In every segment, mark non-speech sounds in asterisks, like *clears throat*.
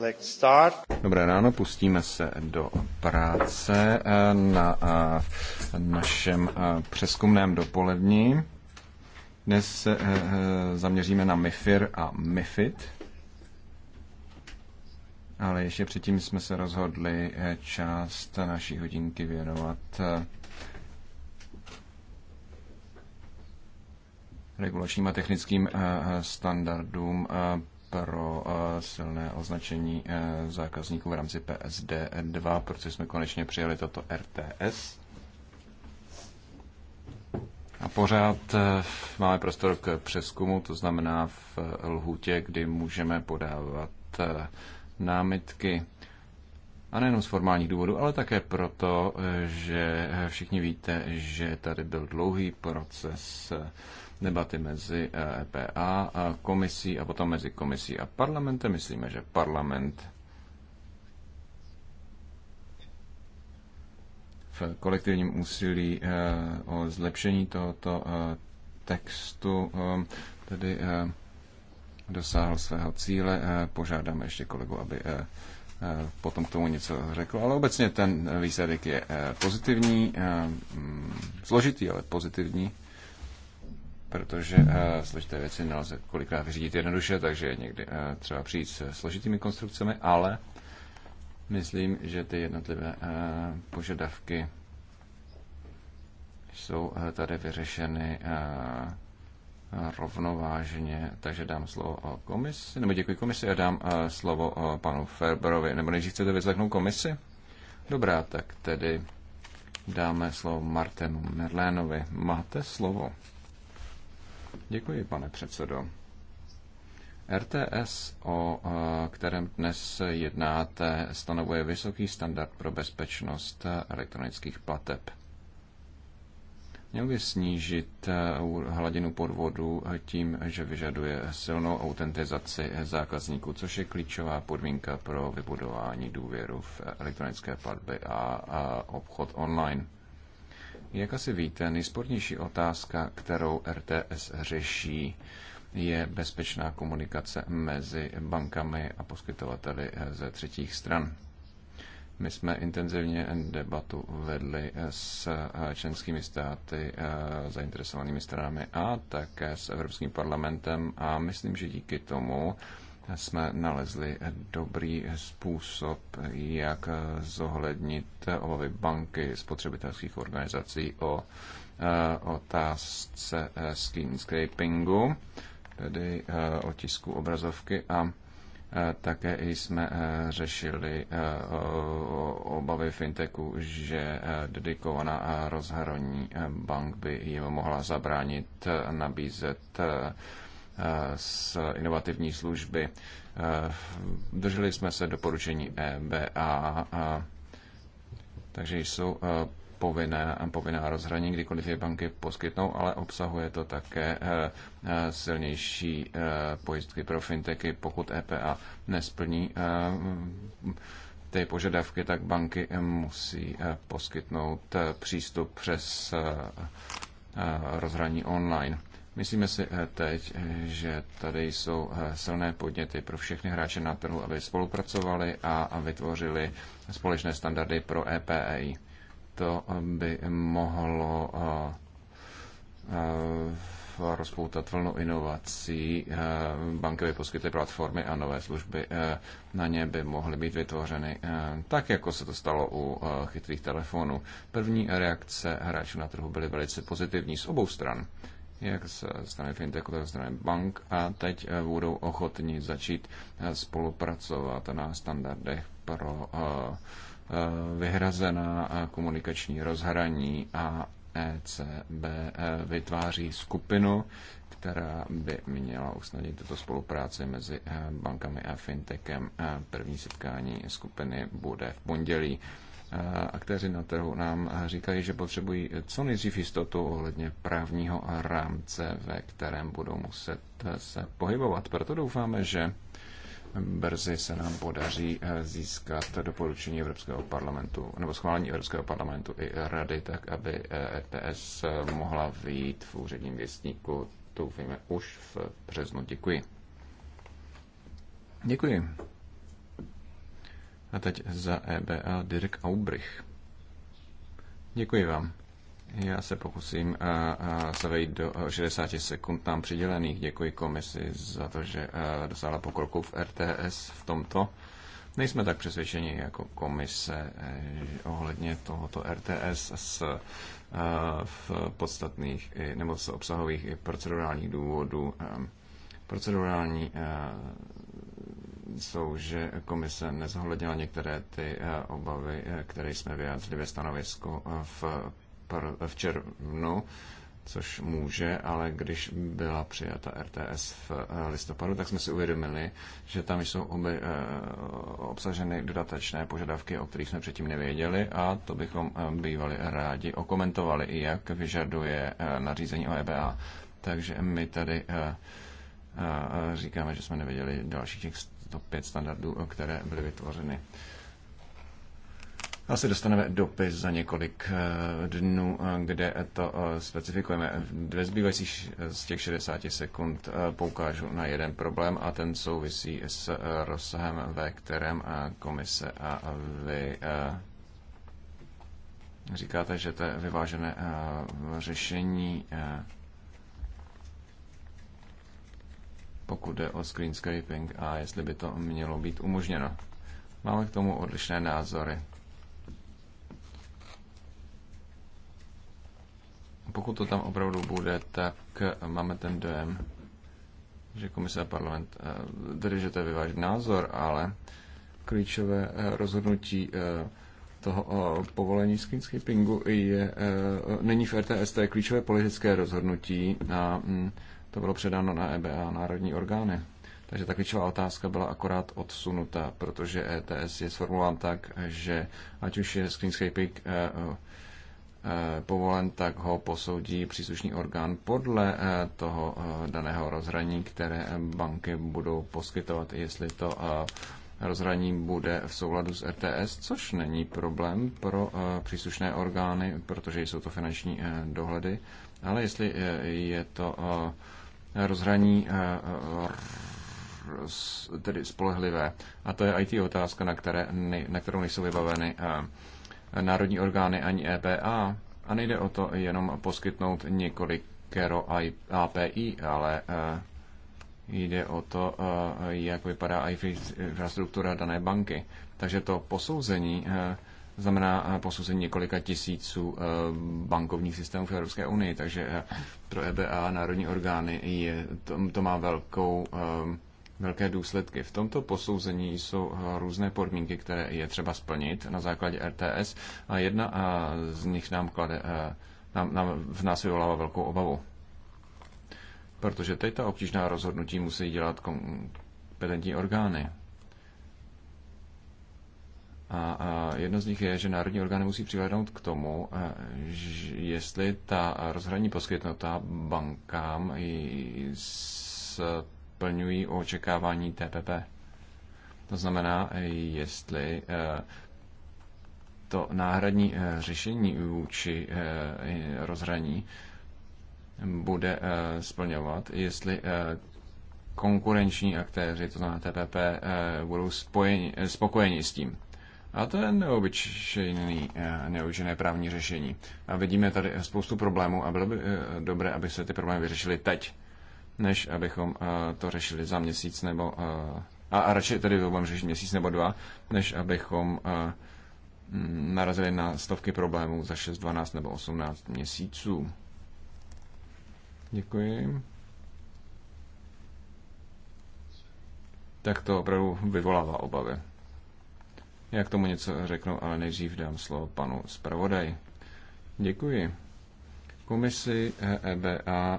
let's start. Dobré ráno, pustíme se do práce eh, na eh, našem eh, přeskumném dopolední. Dnes se zaměříme na MIFIR a MIFID. Ale ještě předtím jsme se rozhodli část naší hodinky věnovat regulačním a technickým eh, standardům eh, pro eh, silné označení zákazníků v rámci PSD 2, protože jsme konečně přijali toto RTS. A pořád máme prostor k přeskumu, to znamená v lhůtě, kdy můžeme podávat námitky. A nejenom z formálních důvodů, ale také proto, že všichni víte, že tady byl dlouhý proces debaty mezi EPA eh, e a komisí a potom mezi komisí a parlamentem. Myslíme, že parlament v kolektivním úsilí eh, o zlepšení tohoto eh, textu tedy dosáhl svého cíle. Požádám ještě kolegu, aby potom k tomu něco řekl, ale obecně ten výsledek je pozitivní, mm, složitý, ale pozitivní protože eh, složité věci nelze kolikrát vyřídit jednoduše, takže někdy někdy eh, třeba přijít s složitými konstrukcemi, ale myslím, že ty jednotlivé eh, požadavky jsou tady vyřešeny rovnovážně, takže dám slovo komisi, nebo děkuji komisi a dám slovo panu Ferberovi, nebo než chcete vyslechnout komisi? Dobrá, tak tedy dáme slovo Martenu Merlénovi. Máte slovo. Děkuji, pane předsedo. RTS, o kterém dnes jednáte, stanovuje vysoký standard pro bezpečnost elektronických plateb. Měl by snížit eh, hladinu podvodu tím, že vyžaduje silnou autentizaci zákazníků, což je klíčová podmínka pro vybudování důvěru v elektronické platby a obchod online. Jak asi víte, nejspornější otázka, kterou RTS řeší, je bezpečná komunikace mezi bankami a poskytovateli eh, ze třetích stran. My jsme intenzivně debatu vedli eh, s eh, členskými státy, zainteresovanými stranami a také s Evropským parlamentem a myslím, že díky tomu jsme nalezli dobrý způsob, jak zohlednit obavy banky, spotřebitelských organizací o eh, otázce eh, skin scrapingu, tedy eh, otisku obrazovky a také jsme řešili obavy fintechu, že dedikovaná rozhraní bank by jim mohla zabránit nabízet z inovativní služby. Drželi jsme se doporučení EBA, takže jsou e, povinné, povinná rozhraní, kdykoliv je banky poskytnou, ale obsahuje to také e, e, silnější pojistky pro fintechy, pokud EPA nesplní ty požadavky, tak banky musí poskytnout přístup přes rozhraní online. Myslíme si eh, teď, eh, že tady jsou eh, silné podněty pro všechny hráče na trhu, aby spolupracovali a vytvořili společné standardy pro EPEI. To by mohlo rozpoutat vlnu inovací. Banky poskytly platformy a nové služby na ně by mohly být vytvořeny, tak jako se to stalo u chytrých telefonů. První reakce hráčů na trhu byly velice pozitivní z obou stran jak se strany fintechu, tak strany bank a teď eh, budou ochotni začít eh, spolupracovat na standardech pro eh, vyhrazená komunikační rozhraní a ECB vytváří skupinu, která by měla usnadnit tuto spolupráci mezi bankami a fintechem. První setkání skupiny bude v pondělí aktéři na trhu nám říkají, že potřebují co nejdřív jistotu ohledně právního rámce, ve kterém budou muset se pohybovat. Proto doufáme, že brzy se nám podaří získat doporučení Evropského parlamentu nebo schválení Evropského parlamentu i rady, tak aby ETS mohla vyjít v úředním věstníku. Doufejme už v březnu. Děkuji. Děkuji. A teď za EBA Dirk Aubrich. Děkuji vám. Já se pokusím se vejít do 60 sekund nám přidělených. Děkuji komisi za to, že dosáhla pokroku v RTS v tomto. Nejsme tak přesvědčeni jako komise e, ohledně tohoto RTS z v podstatných nebo z obsahových i procedurálních důvodů. Ehm, procedurální e, jsou, že komise nezohlednila některé ty eh, obavy, eh, které jsme vyjádřili ve stanovisku eh, v, v červnu, což může, ale když byla přijata RTS v listopadu, tak jsme si uvědomili, že tam jsou oby, obsaženy dodatečné požadavky, o kterých jsme předtím nevěděli a to bychom bývali rádi okomentovali, i jak vyžaduje nařízení o EBA. Takže my tady říkáme, že jsme nevěděli dalších těch top 5 standardů, eh, které byly vytvořeny. Asi dostaneme dopis za několik eh, dnů, eh, kde to specifikujeme. Dvě zbývajících z těch 60 sekund poukážu na jeden problém a ten souvisí s rozsahem, ve kterém komise a vy říkáte, že to je vyvážené řešení pokud jde o screen scraping a jestli by to mělo být umožněno. Máme k tomu odlišné názory. Pokud to tam opravdu bude, tak máme ten dojem, že komise a parlament, eh, tedy že to je vyvážený názor, ale klíčové eh, rozhodnutí eh, toho povolení screenscapingu je, není v RTS, to je klíčové politické rozhodnutí a mm, to bylo předáno na EBA, národní orgány. Takže ta klíčová otázka byla akorát odsunuta, protože ETS je sformulován tak, že ať už je screenscaping eh, eh, povolen, tak ho posoudí příslušný orgán podle eh, toho daného rozhraní, které banky budou poskytovat, jestli to rozhraní bude v souladu s RTS, e což není problém pro příslušné orgány, protože jsou to finanční dohledy, ale jestli je to rozhraní eh, eh, tedy spolehlivé. A to je IT otázka, na, které, na kterou nejsou vybaveny eh, národní orgány ani EPA. A nejde o to jenom poskytnout několik kero API, ale jde o to, jak vypadá infrastruktura dané banky. Takže to posouzení znamená eh, posouzení několika tisíců eh, bankovních systémů v Evropské unii. Takže eh, pro EBA národní orgány je, to, to má velkou, velké důsledky. V tomto posouzení jsou různé podmínky, které je třeba splnit na základě RTS a jedna z nich nám klade, nám, nám, v nás vyvolává velkou obavu. Protože teď ta obtížná rozhodnutí musí dělat kompetentní orgány. A jedno z nich je, že národní orgány musí přihlédnout k tomu, jestli ta rozhraní poskytnutá bankám splňují očekávání TPP. To znamená, jestli e, to náhradní e, řešení vůči e, rozhraní bude splňovat, jestli konkurenční aktéři, to znamená TPP, budou spojeni, spokojeni s tím. A to je neobyčejný, eh, neobyčejné právní řešení. A vidíme tady spoustu problémů a bylo by eh, dobré, aby se ty problémy vyřešily teď, než abychom eh, to řešili za měsíc nebo... A, a radši tady to budeme řešit měsíc nebo dva, než abychom narazili na stovky problémů za 6, 12 nebo 18 měsíců. Děkuji. Tak to opravdu vyvolává obavy. Já k tomu něco řeknu, ale nejdřív dám slovo panu zpravodaji. Děkuji komisi EBA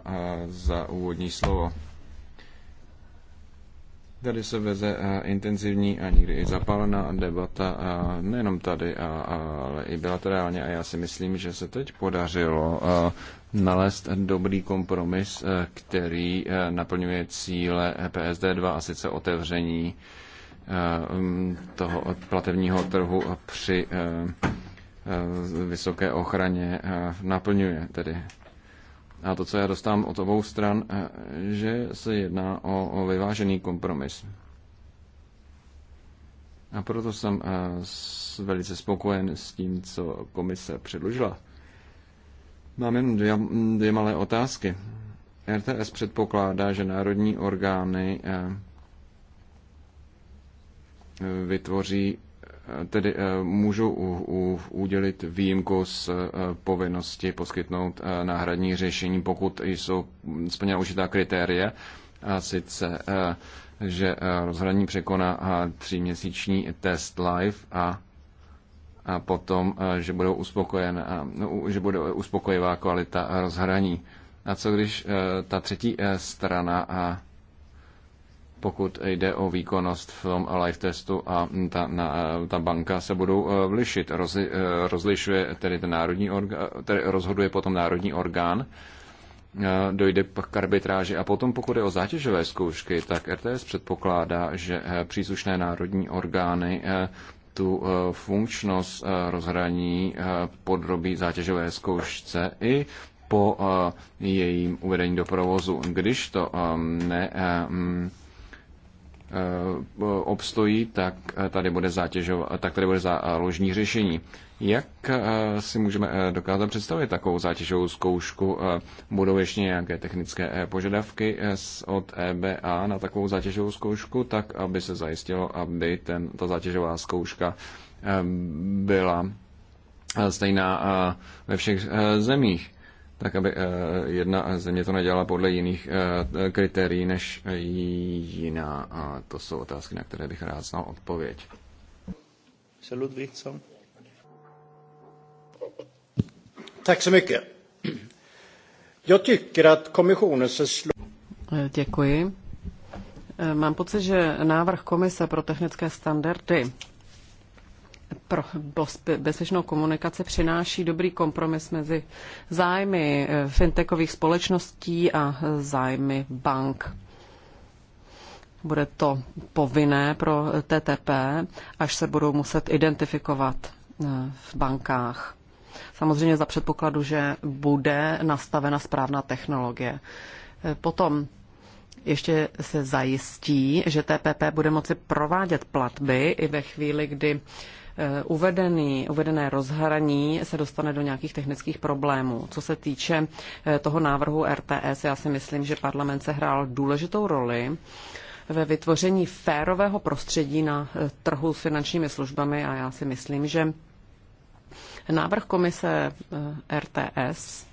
e za úvodní slovo. Tady se veze intenzivní a někdy i zapálená debata, nejenom tady, ale i bilaterálně. A já si myslím, že se teď podařilo nalézt dobrý kompromis, který naplňuje cíle e PSD2, a sice otevření Eh, toho platebního trhu při eh, eh, vysoké ochraně naplňuje tedy. A to, co já dostám od obou stran, že se jedná o vyvážený kompromis. A proto jsem velice spokojen s tím, co komise předložila. Mám jen dvě, dvě malé otázky. RTS předpokládá, že národní orgány vytvoří, tedy eh, můžou udělit výjimku z eh, povinnosti poskytnout eh, náhradní řešení, pokud jsou splněna určitá kritéria, a sice, že rozhraní překoná tříměsíční test live a a potom, že, budou uspokojen, no, že bude uspokojivá kvalita rozhraní. A co když ta třetí strana a pokud jde o výkonnost v tom live testu a ta, na, ta banka se budou eh, lišit. Rozli, eh, rozlišuje tedy ten národní orgán, tedy rozhoduje potom národní orgán, eh, dojde k arbitráži a potom pokud je o zátěžové zkoušky, tak RTS předpokládá, že příslušné národní orgány tu funkčnost rozhraní podrobí zátěžové zkoušce i po jejím uvedení do provozu. Když to ne mm, Eh, obstojí, eh, eh, tak tady bude, zátěžová tak tady bude záložní řešení. Jak si můžeme dokázat představit takovou zátěžovou zkoušku? Budou ještě nějaké technické požadavky od EBA na takovou zátěžovou zkoušku, tak aby se zajistilo, aby ten, ta zátěžová zkouška byla stejná ve všech zemích? tak aby eh, jedna země to nedělala podle jiných eh, kritérií než jiná. A to jsou otázky, na které bych rád znal odpověď. Tak se mycket. Jag tycker att eh, Děkuji. Mám pocit, že návrh komise pro technické standardy pro bezpečnou komunikaci přináší dobrý kompromis mezi zájmy eh, fintechových společností a eh, zájmy bank. Bude to povinné pro eh, TTP, až se budou muset identifikovat v bankách. Samozřejmě za předpokladu, že bude nastavena správná technologie. Potom ještě se zajistí, že TPP bude moci provádět platby i ve chvíli, kdy Eh, uvedený, uvedené rozhraní se dostane do nějakých technických problémů. Co se týče eh, toho návrhu RTS, já si myslím, že parlament se hrál důležitou roli ve vytvoření férového prostředí na eh, trhu s finančními službami a já si myslím, že návrh komise RTS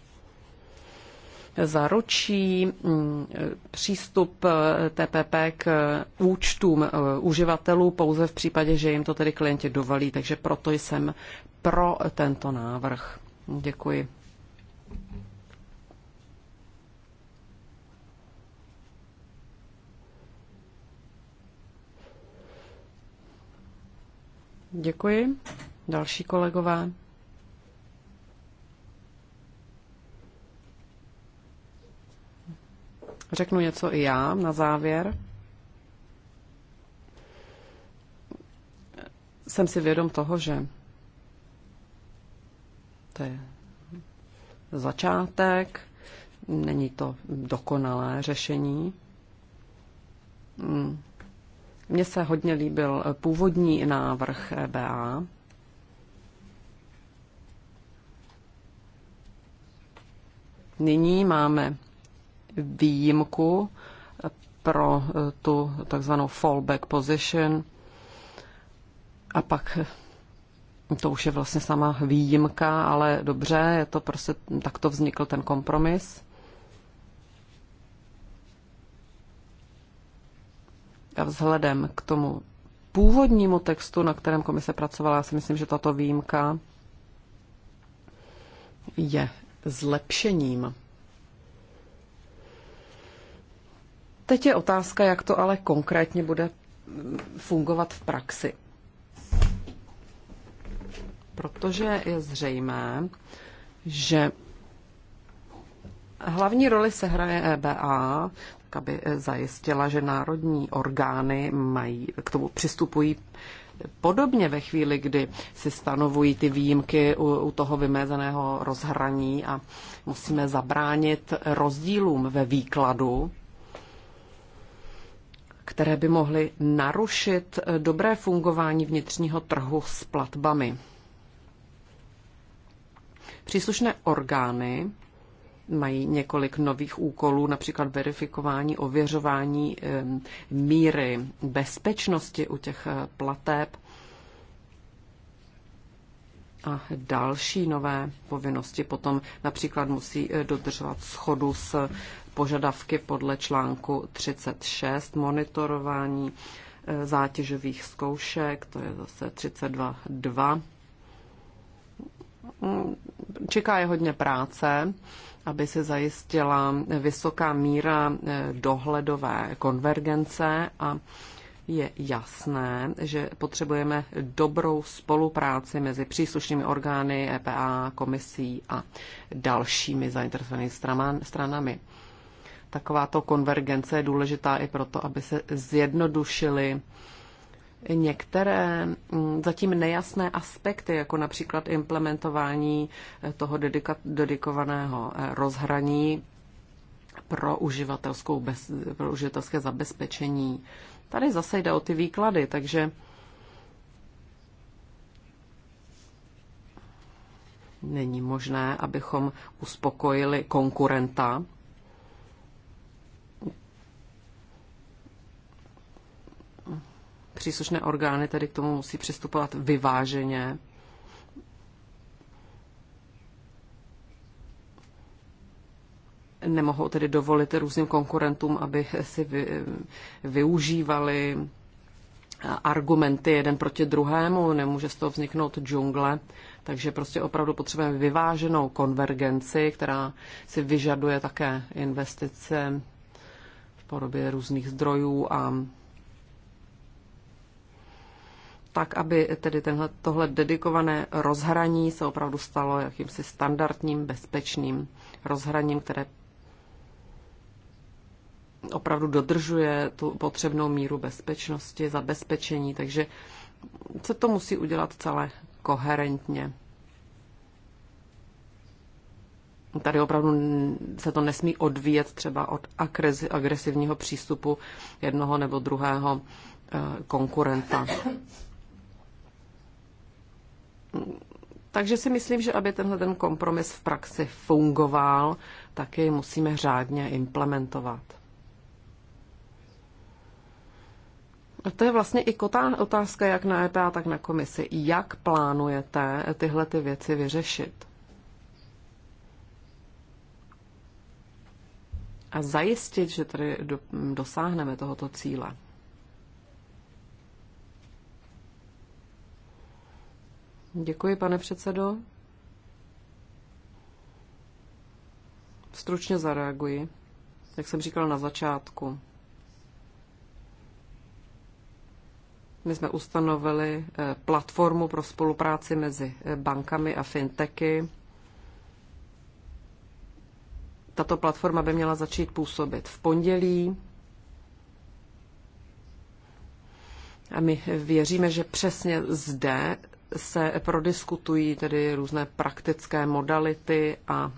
zaručí mm, přístup eh, TPP k účtům eh, uživatelů pouze v případě, že jim to tedy klienti dovolí, takže proto jsem pro tento návrh. Děkuji. Děkuji. Další kolegové. Řeknu něco i já na závěr. Jsem si vědom toho, že to je začátek, není to dokonalé řešení. Mm. Mně se hodně líbil původní návrh EBA. Nyní máme výjimku pro eh, tu takzvanou fallback position. A pak eh, to už je vlastně sama výjimka, ale dobře, je to prostě, takto vznikl ten kompromis. A vzhledem k tomu původnímu textu, na kterém komise pracovala, já si myslím, že tato výjimka je zlepšením. Teď je otázka, jak to ale konkrétně bude fungovat v praxi. Protože je zřejmé, že hlavní roli se hraje EBA, tak aby zajistila, že národní orgány mají, k tomu přistupují podobně ve chvíli, kdy si stanovují ty výjimky u, u toho vymezeného rozhraní a musíme zabránit rozdílům ve výkladu které by mohly narušit eh, dobré fungování vnitřního trhu s platbami. Příslušné orgány mají několik nových úkolů, například verifikování, ověřování míry bezpečnosti u těch eh, plateb a další nové povinnosti. Potom například musí eh, dodržovat schodu s požadavky podle článku 36, monitorování e, zátěžových zkoušek, to je zase 32.2. Mm, čeká je hodně práce, aby se zajistila vysoká míra e, dohledové konvergence a je jasné, že potřebujeme dobrou spolupráci mezi příslušnými orgány EPA, komisí a dalšími zainteresovanými stranami takováto konvergence je důležitá i proto, aby se zjednodušily některé mm, zatím nejasné aspekty, jako například implementování eh, toho dedikovaného eh, rozhraní pro, uživatelskou bez, pro uživatelské zabezpečení. Tady zase jde o ty výklady, takže není možné, abychom uspokojili konkurenta Příslušné orgány tedy k tomu musí přistupovat vyváženě. Nemohou tedy dovolit různým konkurentům, aby si vy, využívali argumenty jeden proti druhému, nemůže z toho vzniknout džungle, takže prostě opravdu potřebujeme vyváženou konvergenci, která si vyžaduje také investice v podobě různých zdrojů a tak, aby tedy tenhle, tohle dedikované rozhraní se opravdu stalo jakýmsi standardním, bezpečným rozhraním, které opravdu dodržuje tu potřebnou míru bezpečnosti, zabezpečení, takže se to musí udělat celé koherentně. Tady opravdu se to nesmí odvíjet třeba od agresivního přístupu jednoho nebo druhého eh, konkurenta. Takže si myslím, že aby tenhle ten kompromis v praxi fungoval, tak jej musíme řádně implementovat. A to je vlastně i kotá otázka jak na EPA, tak na komisi. Jak plánujete tyhle ty věci vyřešit? A zajistit, že tady dosáhneme tohoto cíle. Děkuji, pane předsedo. Stručně zareaguji, jak jsem říkal na začátku. My jsme ustanovili eh, platformu pro spolupráci mezi eh, bankami a fintechy. Tato platforma by měla začít působit v pondělí. A my věříme, že přesně zde se prodiskutují tedy různé praktické modality a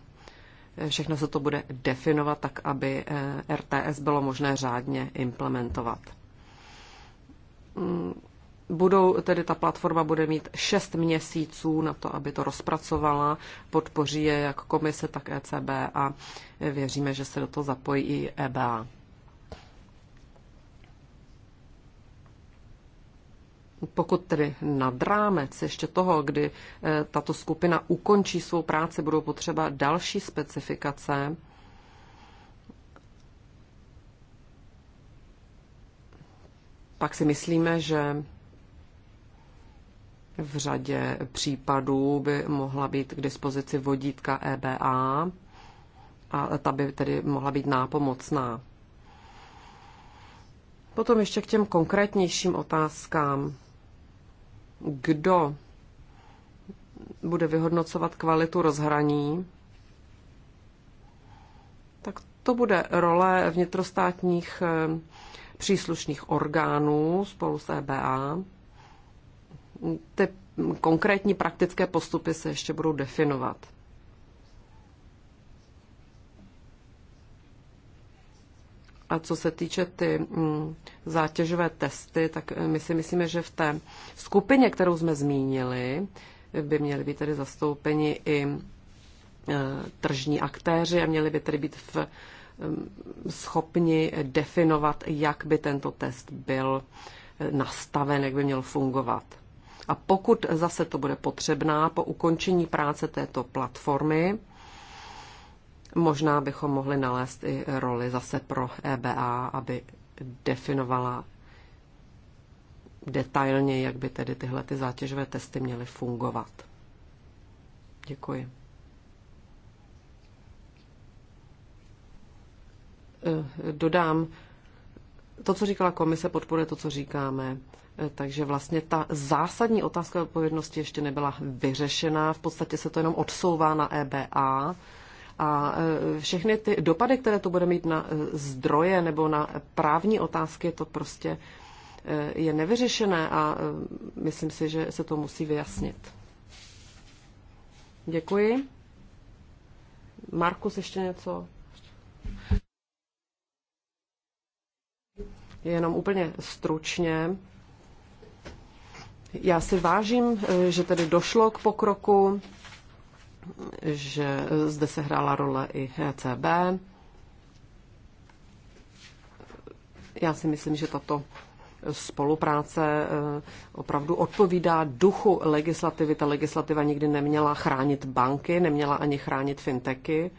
všechno se to bude definovat tak, aby eh, RTS bylo možné řádně implementovat. Mm, budou, tedy ta platforma bude mít 6 měsíců na to, aby to rozpracovala, podpoří je jak komise, tak ECB a věříme, že se do toho zapojí i EBA. Pokud tedy nad rámec ještě toho, kdy eh, tato skupina ukončí svou práci, budou potřeba další specifikace, pak si myslíme, že v řadě případů by mohla být k dispozici vodítka EBA a ta by tedy mohla být nápomocná. Potom ještě k těm konkrétnějším otázkám kdo bude vyhodnocovat kvalitu rozhraní, tak to bude role vnitrostátních eh, příslušných orgánů spolu s EBA. Ty konkrétní praktické postupy se ještě budou definovat. A co se týče ty mm, zátěžové testy, tak eh, my si myslíme, že v té skupině, kterou jsme zmínili, by měly být tedy zastoupeni i eh, tržní aktéři a měli by tedy být v, mm, schopni definovat, jak by tento test byl eh, nastaven, jak by měl fungovat. A pokud zase to bude potřebná po ukončení práce této platformy, Možná bychom mohli nalézt i roli zase pro EBA, aby definovala detailně, jak by tedy tyhle ty zátěžové testy měly fungovat. Děkuji. Eh, dodám, to, co říkala komise, podporuje to, co říkáme. Eh, takže vlastně ta zásadní otázka odpovědnosti ještě nebyla vyřešena. V podstatě se to jenom odsouvá na EBA a e, všechny ty dopady, které to bude mít na e, zdroje nebo na právní otázky, to prostě e, je nevyřešené a myslím si, že se to musí vyjasnit. Děkuji. Markus, ještě něco? Jenom úplně stručně. Já si vážím, že tedy došlo k pokroku že zde se hrála role i ECB. Já si myslím, že tato spolupráce eh, opravdu odpovídá duchu legislativy. Ta legislativa nikdy neměla chránit banky, neměla ani chránit fintechy.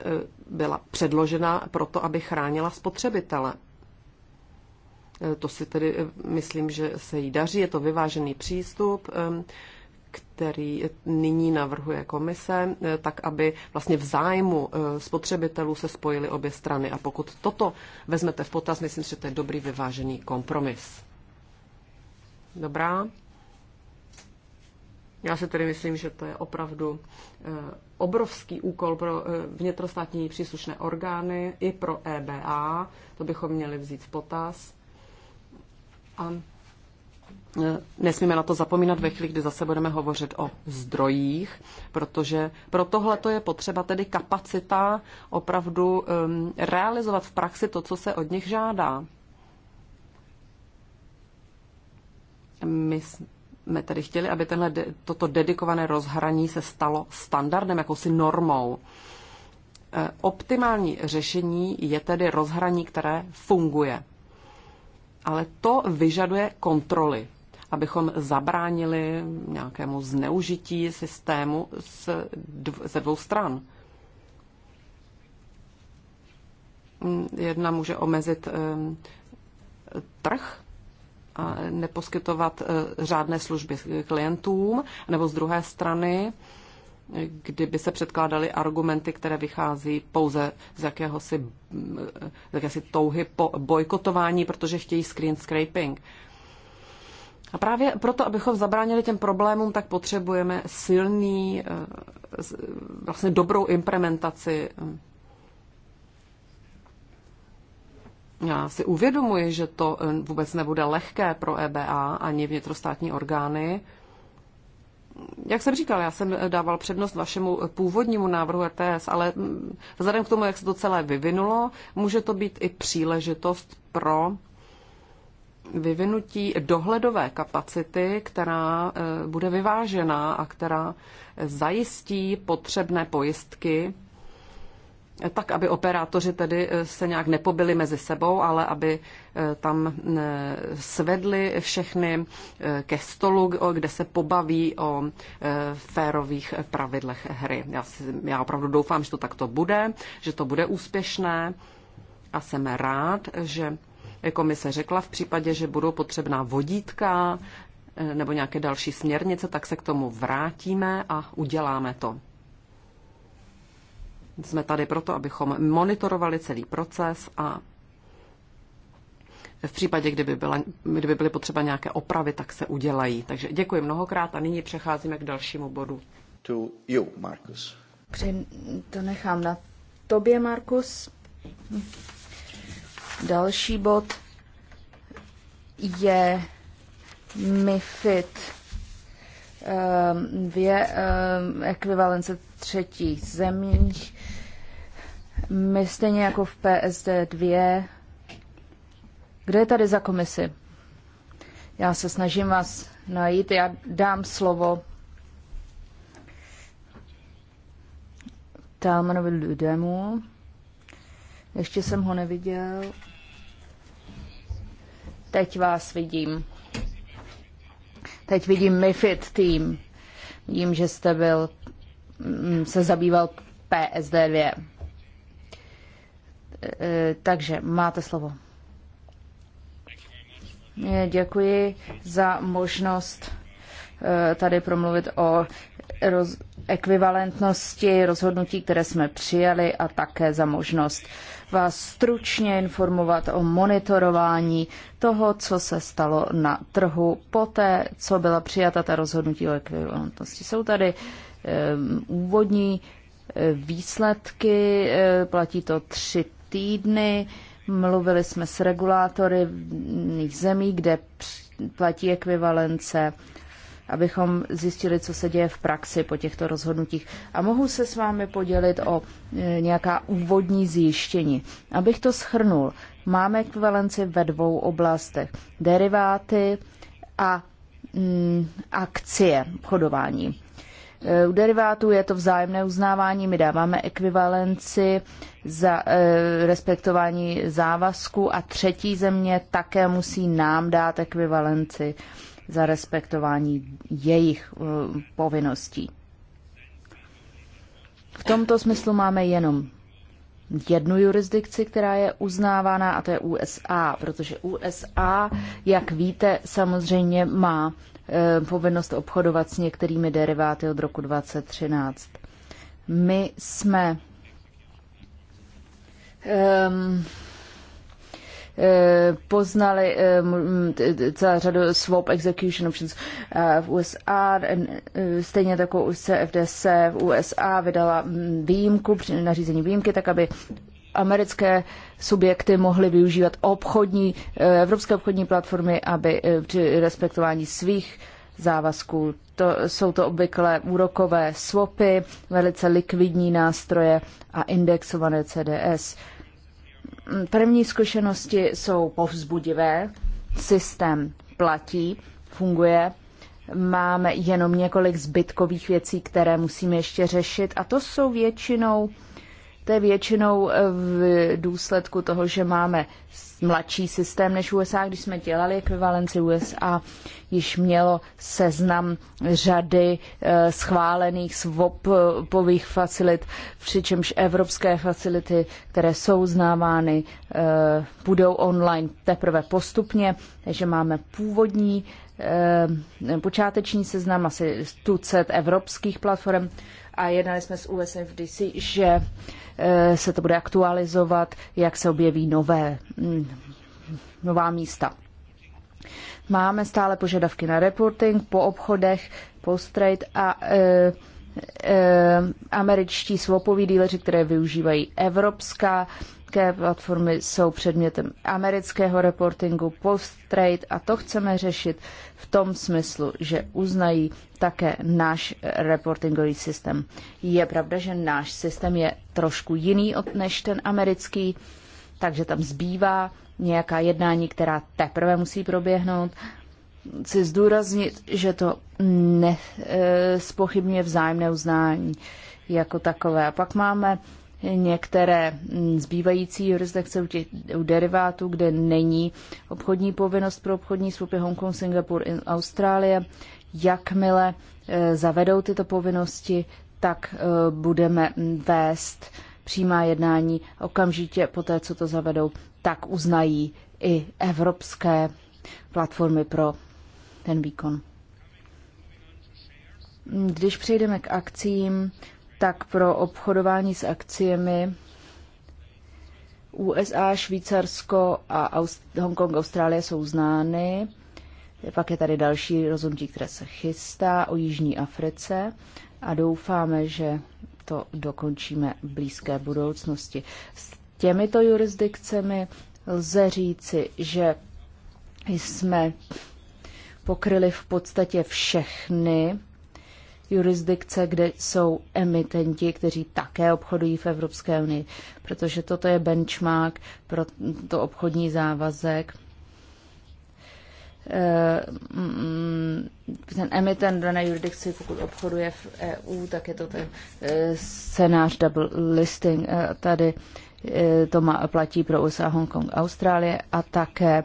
Eh, byla předložena proto, aby chránila spotřebitele. Eh, to si tedy myslím, že se jí daří, je to vyvážený přístup který nyní navrhuje komise, eh, tak aby vlastně v zájmu eh, spotřebitelů se spojily obě strany. A pokud toto vezmete v potaz, myslím, že to je dobrý vyvážený kompromis. Dobrá. Já si tedy myslím, že to je opravdu eh, obrovský úkol pro vnitrostátní příslušné orgány i pro EBA. To bychom měli vzít v potaz. A nesmíme na to zapomínat ve chvíli, kdy zase budeme hovořit o zdrojích, protože pro tohle to je potřeba tedy kapacita opravdu um, realizovat v praxi to, co se od nich žádá. My jsme tedy chtěli, aby tenhle, toto dedikované rozhraní se stalo standardem, jakousi normou. E, optimální řešení je tedy rozhraní, které funguje ale to vyžaduje kontroly abychom zabránili nějakému zneužití systému ze dvou stran. Jedna může omezit eh, trh a neposkytovat eh, řádné služby klientům, nebo z druhé strany, kdyby se předkládaly argumenty, které vychází pouze z jakéhosi, eh, z jakési touhy po bojkotování, protože chtějí screen scraping. A právě proto, abychom zabránili těm problémům, tak potřebujeme silný, eh, vlastně dobrou implementaci. Já si uvědomuji, že to eh, vůbec nebude lehké pro EBA ani vnitrostátní orgány. Jak jsem říkal, já jsem dával přednost vašemu původnímu návrhu RTS, e ale mm, vzhledem k tomu, jak se to celé vyvinulo, může to být i příležitost pro vyvinutí dohledové kapacity, která eh, bude vyvážená a která zajistí potřebné pojistky, eh, tak aby operátoři tedy eh, se nějak nepobili mezi sebou, ale aby tam svedli všechny ke stolu, kde se pobaví o férových pravidlech hry. Já, si, já opravdu doufám, že to takto bude, že to bude úspěšné a jsem rád, že komise řekla, v případě, že budou potřebná vodítka eh, nebo nějaké další směrnice, tak se k tomu vrátíme a uděláme to. Jsme tady proto, abychom monitorovali celý proces a v případě, kdyby, byla, kdyby byly potřeba nějaké opravy, tak se udělají. Takže děkuji mnohokrát a nyní přecházíme k dalšímu bodu. To you, Markus. To nechám na tobě, Markus. Hm. Další bod je MIFID ehm, dvě ehm, ekvivalence třetích zemích. My stejně jako v PSD 2. Kde je tady za komisi? Já se snažím vás najít, já dám slovo Talmanovi Ludemu. Ještě jsem ho neviděl. Teď vás vidím. Teď vidím MIFID tým. Vím, že jste byl, mm, se zabýval PSD2. E, e, takže máte slovo. Děkuji za možnost e, tady promluvit o roz, ekvivalentnosti rozhodnutí, které jsme přijali a také za možnost vás stručně informovat o monitorování toho, co se stalo na trhu poté, co byla přijata ta rozhodnutí o ekvivalentnosti. Jsou tady eh, úvodní eh, výsledky, eh, platí to tři týdny. Mluvili jsme s regulátory v zemí, kde platí ekvivalence abychom zjistili, co se děje v praxi po těchto rozhodnutích. A mohu se s vámi podělit o e, nějaká úvodní zjištění. Abych to schrnul, máme ekvivalenci ve dvou oblastech. Deriváty a mm, akcie obchodování. E, u derivátů je to vzájemné uznávání, my dáváme ekvivalenci za e, respektování závazku a třetí země také musí nám dát ekvivalenci. E, za respektování jejich eh, povinností. V tomto smyslu máme jenom jednu jurisdikci, která je uznávána, a to je USA, protože USA, jak víte, samozřejmě má eh, povinnost obchodovat s některými deriváty od roku 2013. My jsme um, Eh, poznali eh, celá řadu swap execution options eh, v USA, stejně jako už se v USA vydala výjimku, nařízení výjimky, tak aby americké subjekty mohly využívat obchodní, evropské obchodní platformy, aby při respektování svých závazků. To, jsou to obvykle úrokové swapy, velice likvidní nástroje a indexované CDS. První zkušenosti jsou povzbudivé, systém platí, funguje, máme jenom několik zbytkových věcí, které musíme ještě řešit a to jsou většinou to je většinou eh, v důsledku toho, že máme mladší systém než USA. Když jsme dělali ekvivalenci USA, již mělo seznam řady eh, schválených svopových facilit, přičemž evropské facility, které jsou známány, eh, budou online teprve postupně, takže máme původní počáteční seznam asi 100 evropských platform, a jednali jsme s USFDC, že eh, se to bude aktualizovat, jak se objeví nové, mm, nová místa. Máme stále požadavky na reporting po obchodech, post-trade a e, e, američtí svopoví díleři, které využívají evropská české platformy jsou předmětem amerického reportingu, post-trade a to chceme řešit v tom smyslu, že uznají také náš reportingový systém. Je pravda, že náš systém je trošku jiný než ten americký, takže tam zbývá nějaká jednání, která teprve musí proběhnout. Chci zdůraznit, že to nespochybně e, vzájemné uznání jako takové. A pak máme některé zbývající jurisdikce u, u derivátů, kde není obchodní povinnost pro obchodní služby Hongkong, Singapur, Austrálie. Jakmile eh, zavedou tyto povinnosti, tak eh, budeme vést přímá jednání okamžitě po té, co to zavedou, tak uznají i evropské platformy pro ten výkon. Když přejdeme k akcím, tak pro obchodování s akciemi USA, Švýcarsko a Aust- Hongkong, Austrálie jsou znány. Pak je tady další rozhodnutí, které se chystá o Jižní Africe a doufáme, že to dokončíme v blízké budoucnosti. S těmito jurisdikcemi lze říci, že jsme pokryli v podstatě všechny jurisdikce, kde jsou emitenti, kteří také obchodují v Evropské unii, protože toto je benchmark pro to obchodní závazek. Eh, mm, ten emitent dané jurisdikci, pokud obchoduje v EU, tak je to ten eh, scénář double listing. Eh, tady to má, platí pro USA, Hongkong, Austrálie a také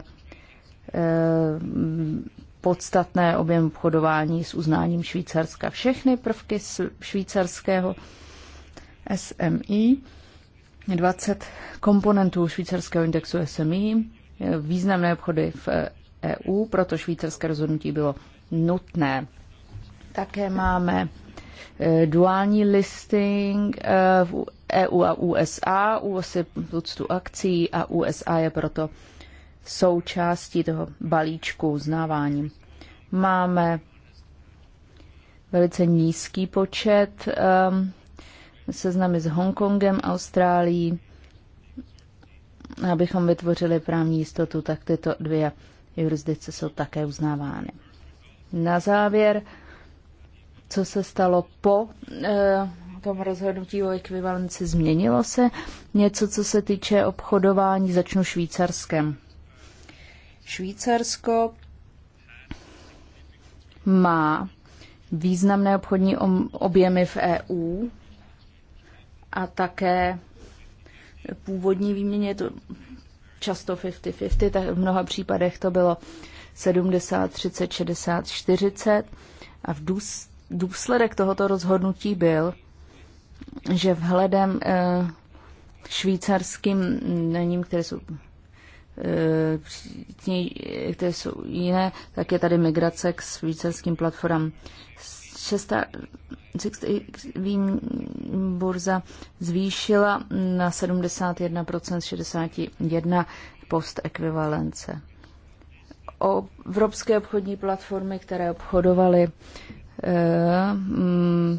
podstatné objem obchodování s uznáním Švýcarska. Všechny prvky švýcarského SMI, 20 komponentů švýcarského indexu SMI, významné obchody v EU, proto švýcarské rozhodnutí bylo nutné. Také máme e, duální listing e, v EU a USA, USA je akcí a USA je proto součástí toho balíčku uznávání. Máme velice nízký počet um, seznamy s Hongkongem, Austrálií. Abychom vytvořili právní jistotu, tak tyto dvě jurisdice jsou také uznávány. Na závěr, co se stalo po uh, tom rozhodnutí o ekvivalenci, změnilo se něco, co se týče obchodování, začnu Švýcarskem. Švýcarsko má významné obchodní objemy v EU a také původní výměně je to často 50-50, tak v mnoha případech to bylo 70, 30, 60, 40 a v důsledek tohoto rozhodnutí byl, že vhledem k eh, švýcarským daním, které jsou které jsou jiné, tak je tady migrace k švýcarským platformám. Šestá vím, burza zvýšila na 71% z 61 post ekvivalence. O evropské obchodní platformy, které obchodovaly eh, mm,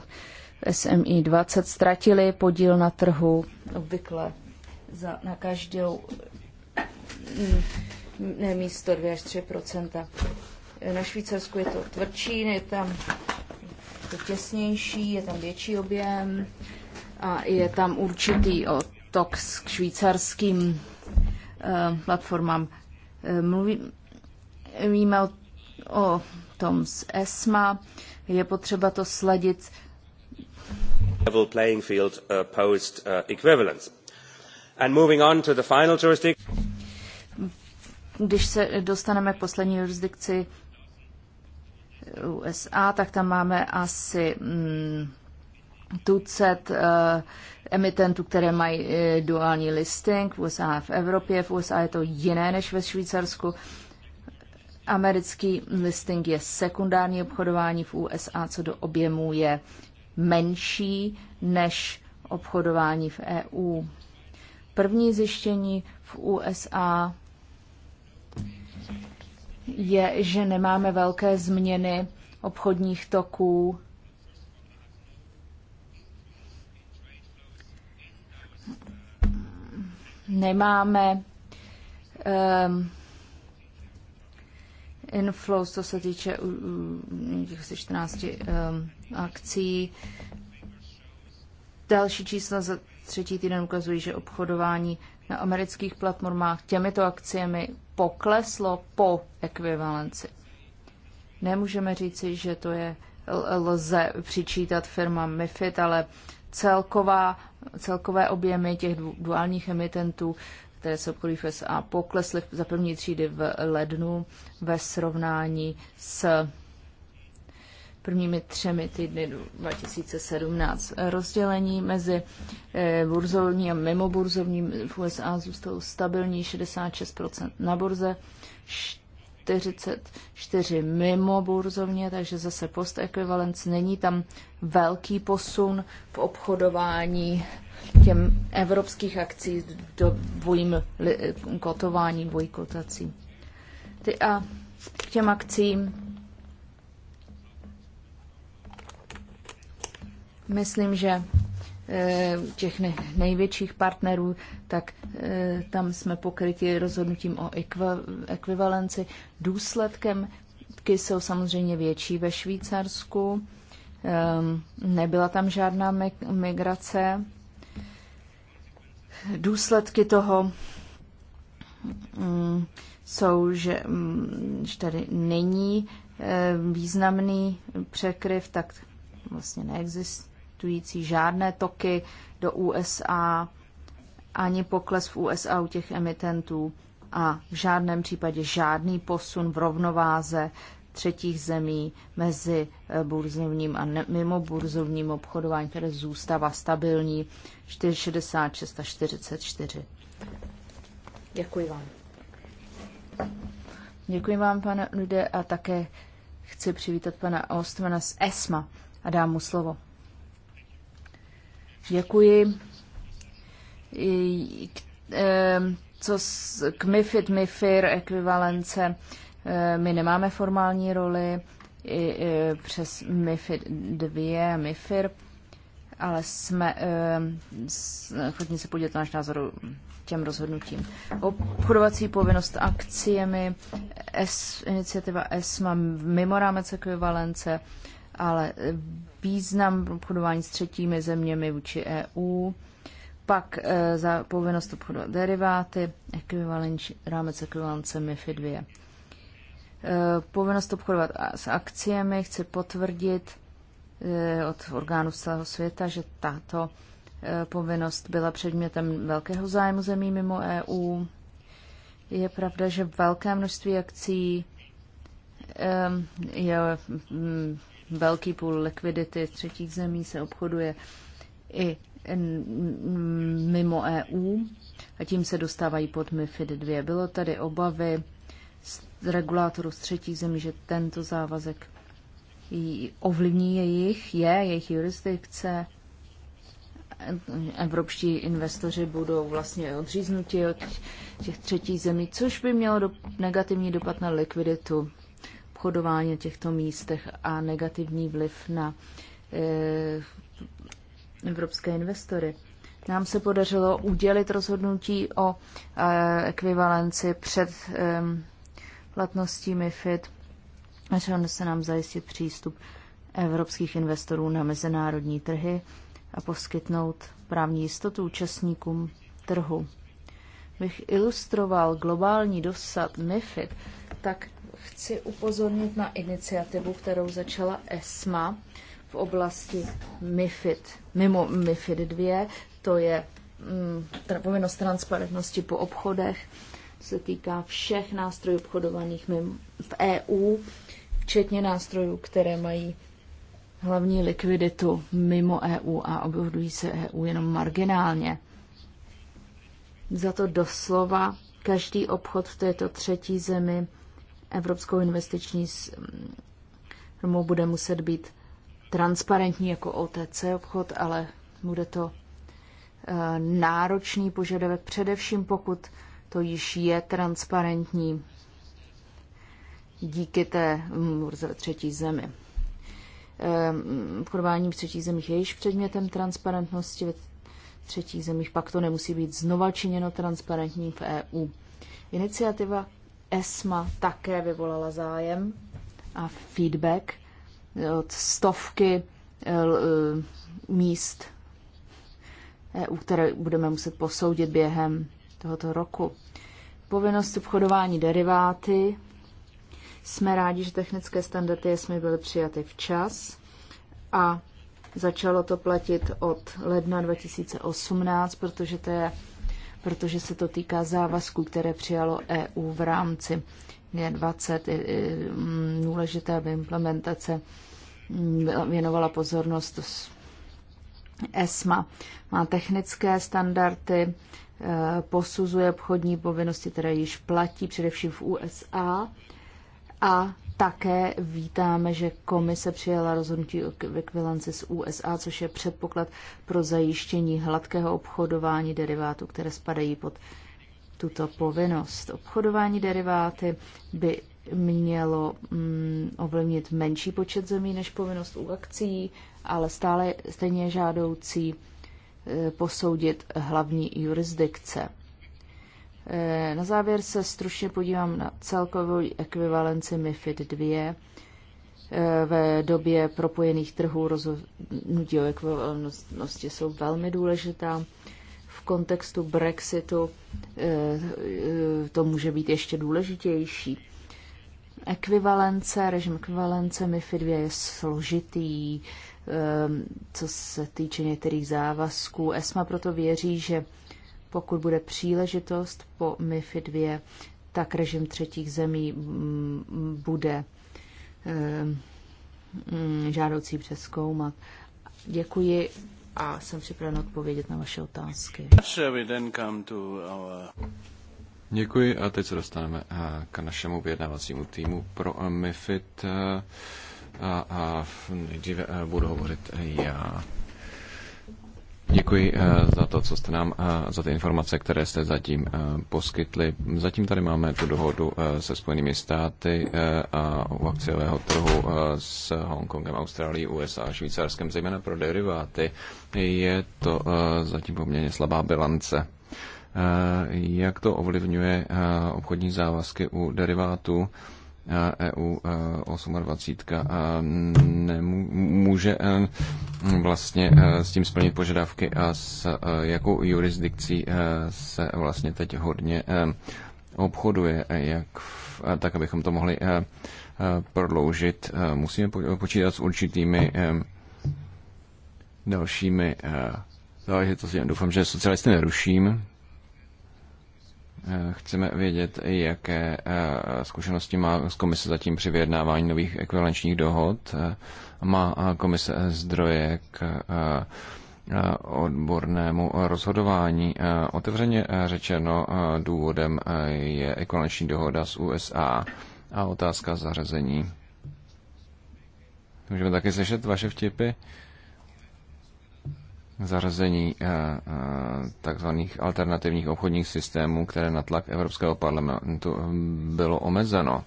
SMI 20, ztratily podíl na trhu obvykle za, na každou ne místo 2 až 3 Na Švýcarsku je to tvrdší, je tam to těsnější, je tam větší objem a je tam určitý tok k švýcarským eh, platformám. Eh, Mluvíme o, o tom z ESMA, je potřeba to sledit. Level playing field uh, post uh, equivalence. And moving on to the final jurisdiction. Když se dostaneme k poslední jurisdikci USA, tak tam máme asi mm, tucet uh, emitentů, které mají uh, duální listing v USA v Evropě. V USA je to jiné než ve Švýcarsku. Americký listing je sekundární obchodování v USA, co do objemu je menší než obchodování v EU. První zjištění v USA je, že nemáme velké změny obchodních toků. Nemáme um, inflows, co se týče těch 14 um, ehm, akcí. Další čísla za třetí týden ukazují, že obchodování na amerických platformách těmito akciemi pokleslo po ekvivalenci. Nemůžeme říci, že to je lze přičítat firma MIFID, ale celková, celkové objemy těch duálních emitentů, které se obchodují v SA, poklesly za první třídy v lednu ve srovnání s prvními třemi týdny 2017. Rozdělení mezi eh, burzovní a mimoburzovní v USA zůstalo stabilní 66% na burze, 44 mimo burzovně, takže zase post equivalence. Není tam velký posun v obchodování těm evropských akcí do dvojím kotování, dvojí kotací. Ty a k těm akcím Myslím, že eh, těch největších partnerů, tak eh, tam jsme pokryti rozhodnutím o ekvivalenci. Důsledkem jsou samozřejmě větší ve Švýcarsku. Ehm, nebyla tam žádná migrace. Důsledky toho mm, jsou, že, mm, že tady není eh, významný překryv, tak vlastně neexistuje reflektující žádné toky do USA, ani pokles v USA u těch emitentů a v žádném případě žádný posun v rovnováze třetích zemí mezi eh, burzovním a ne, mimo burzovním obchodováním, které zůstává stabilní 466 a 44. Děkuji vám. Děkuji vám, pane Lude, a také chci přivítat pana Ostmana z ESMA a dám mu slovo. Děkuji. Co s, k MIFID, MIFIR, ekvivalence, my nemáme formální roli i, přes MIFID 2 a MIFIR, ale jsme chodně se podívat náš názor těm rozhodnutím. Obchodovací povinnost akciemi, S, iniciativa ESMA mimo rámec ekvivalence, ale význam obchodování s třetími zeměmi vůči EU, pak e, za povinnost obchodovat deriváty, ekvivalenč, rámec ekvivalence MIFID 2. E, povinnost obchodovat s akciemi chci potvrdit e, od orgánů celého světa, že tato povinnost byla předmětem velkého zájmu zemí mimo EU. Je pravda, že velké množství akcí je velký půl likvidity třetích zemí se obchoduje i mimo EU a tím se dostávají pod MIFID 2. Bylo tady obavy z regulátorů z třetích zemí, že tento závazek ovlivní jejich, je, jejich jurisdikce. Evropští investoři budou vlastně odříznuti od těch třetích zemí, což by mělo do, negativní dopad na likviditu obchodování na těchto místech a negativní vliv na eh, evropské investory. Nám se podařilo udělit rozhodnutí o eh, ekvivalenci před eh, platností MIFID, a se nám zajistit přístup evropských investorů na mezinárodní trhy a poskytnout právní jistotu účastníkům trhu. Bych ilustroval globální dosad MIFID, tak chci upozornit na iniciativu, kterou začala ESMA v oblasti MIFID, mimo MIFID 2, to je mm, povinnost transparentnosti po obchodech, se týká všech nástrojů obchodovaných v EU, včetně nástrojů, které mají hlavní likviditu mimo EU a obhodují se EU jenom marginálně. Za to doslova každý obchod v této třetí zemi Evropskou investiční firmou bude muset být transparentní jako OTC obchod, ale bude to eh, náročný požadavek, především pokud to již je transparentní díky té ve mm, třetí zemi. Eh, obchodování v třetích zemích je již předmětem transparentnosti, ve třetích zemích pak to nemusí být znova činěno transparentní v EU. Iniciativa ESMA také vyvolala zájem a feedback eh, od stovky eh, eh, míst EU, které budeme muset posoudit během tohoto roku. Povinnost obchodování deriváty. Jsme rádi, že technické standardy ESMA byly přijaty včas a začalo to platit od ledna 2018, protože to je protože se to týká závazků, které přijalo EU v rámci G20. Mm, důležité, aby implementace věnovala pozornost ESMA. Má technické standardy, e, posuzuje obchodní povinnosti, které již platí především v USA a také vítáme, že komise přijala rozhodnutí o ekvivalenci z USA, což je předpoklad pro zajištění hladkého obchodování derivátů, které spadají pod tuto povinnost. Obchodování deriváty by mělo mm, ovlivnit menší počet zemí než povinnost u akcí, ale stále stejně žádoucí e, posoudit hlavní jurisdikce. Eh, na závěr se stručně podívám na celkovou ekvivalenci MIFID 2 eh, ve době propojených trhů rozhodnutí o ekvivalentnosti jsou velmi důležitá. V kontextu Brexitu eh, to může být ještě důležitější. Ekvivalence, režim ekvivalence MIFID 2 je složitý, co se týče některých závazků. ESMA proto věří, že pokud bude příležitost po MIFI 2, tak režim třetích zemí mm, bude eh, mm, žádoucí přeskoumat. Děkuji a jsem připraven odpovědět na vaše otázky. Děkuji a teď se dostaneme eh, k našemu vyjednávacímu týmu pro eh, MIFID a, a nejdříve budu hovořit já. Děkuji eh, za to, co jste nám, eh, za ty informace, které jste zatím eh, poskytli. Zatím tady máme tu dohodu se Spojenými státy a u akciového trhu s Hongkongem, Austrálií, USA a Švýcarskem, zejména pro deriváty. Je to zatím poměrně slabá bilance. Jak to ovlivňuje obchodní závazky u derivátů? EU 28 nemůže vlastně s tím splnit požadavky a s jakou jurisdikcí se vlastně teď hodně obchoduje, jak v, tak abychom to mohli prodloužit. Musíme počítat s určitými dalšími záležitostmi. Doufám, že socialisty neruším. Eh, chceme vědět, jaké eh, zkušenosti má komise zatím při vyjednávání nových ekvivalenčních dohod. Eh, má komise zdroje k odbornému rozhodování. Otevřeně řečeno důvodem je ekvivalenční dohoda s USA a otázka zařazení. Můžeme taky slyšet vaše vtipy? zařazení eh, eh, takzvaných alternativních obchodních systémů, které na tlak Evropského parlamentu eh, bylo omezeno.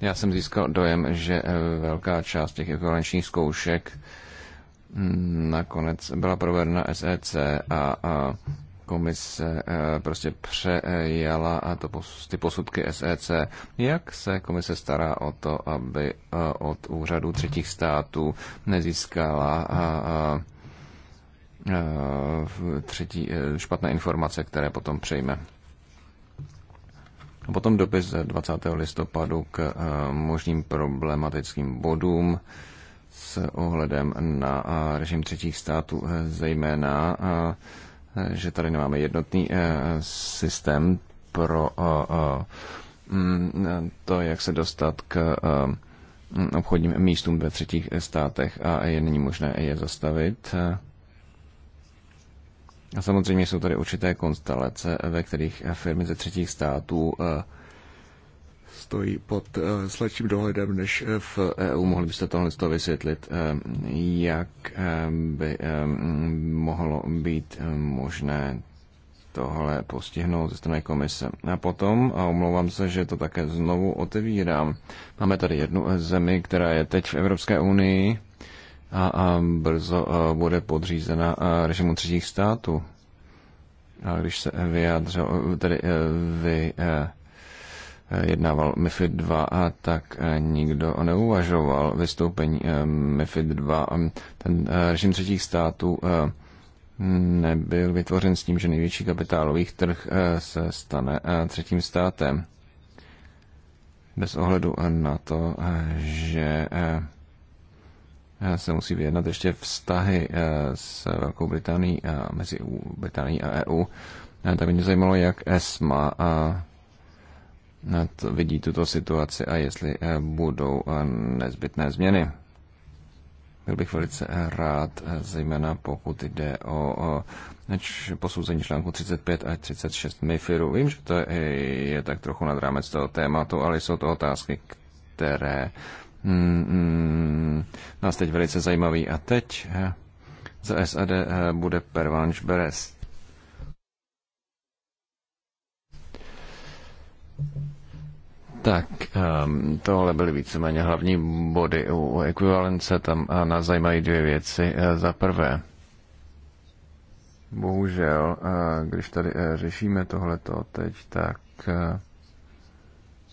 Já jsem získal dojem, že velká část těch ekvivalenčních zkoušek hm, nakonec byla provedena SEC a, komise prostě přejala ty posudky SEC. Jak se komise stará o to, aby od úřadů třetích států nezískala a, Eh, třetí eh, špatné informace, které potom přejme. A potom dopis 20. listopadu k eh, možným problematickým bodům s ohledem na režim třetích států, zejména, že tady nemáme jednotný systém pro mm, to, jak se dostat k obchodním místům ve třetích státech a je není možné je zastavit. A samozřejmě jsou tady určité konstelace, ve kterých firmy ze třetích států eh, stojí pod eh, sladším dohledem než eh, v EU. Mohli byste tohle z toho vysvětlit, jak by mohlo být možné tohle postihnout ze strany komise. A potom, a omlouvám se, že to také znovu otevírám, máme tady jednu zemi, která je teď v Evropské unii, a, a brzo a bude podřízena a režimu třetích států. A když se vyjádřil, tedy e, vy e, jednával MIFID 2, a tak e, nikdo neuvažoval vystoupení MIFID 2. Ten režim třetích států nebyl vytvořen s tím, že největší kapitálový trh se stane třetím státem. Bez ohledu na to, že Eh, se musí vyjednat ještě vztahy eh, s Velkou Británií a mezi Británií a EU. Eh, tak by mě zajímalo, jak ESMA a vidí tuto situaci a jestli budou nezbytné změny. Byl bych velice rád, zejména pokud jde o, posouzení článku 35 a 36 MIFIRu. Vím, že to je, je tak trochu nad rámec toho tématu, ale jsou to otázky, které mm, nás teď velice zajímavý. A teď eh, za SAD eh, bude Pervanš Beres. Tak, um, tohle byly víceméně hlavní body u, u ekvivalence. Tam a eh, nás zajímají dvě věci. Za prvé, bohužel, když tady řešíme tohleto teď, tak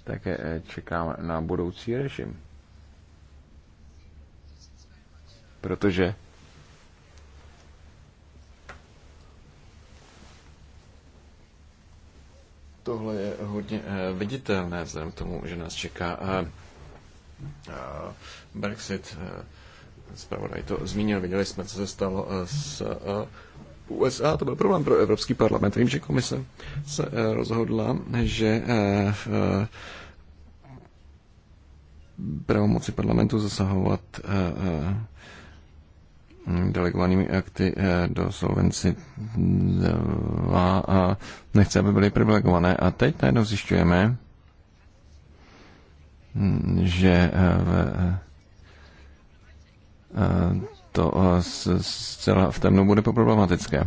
také čekáme na budoucí režim. protože tohle je hodně eh, viditelné vzhledem k tomu, že nás čeká eh, eh, Brexit. Zpravodaj to zmínil, viděli jsme, co se stalo s USA, to byl problém pro Evropský parlament. Vím, že komise se rozhodla, že pravomoci parlamentu zasahovat Mm, delegovanými akty eh, do Solvency 2 a nechce, aby byly privilegované. A teď najednou zjišťujeme, mm, že eh, eh, to zcela v temnu bude problematické.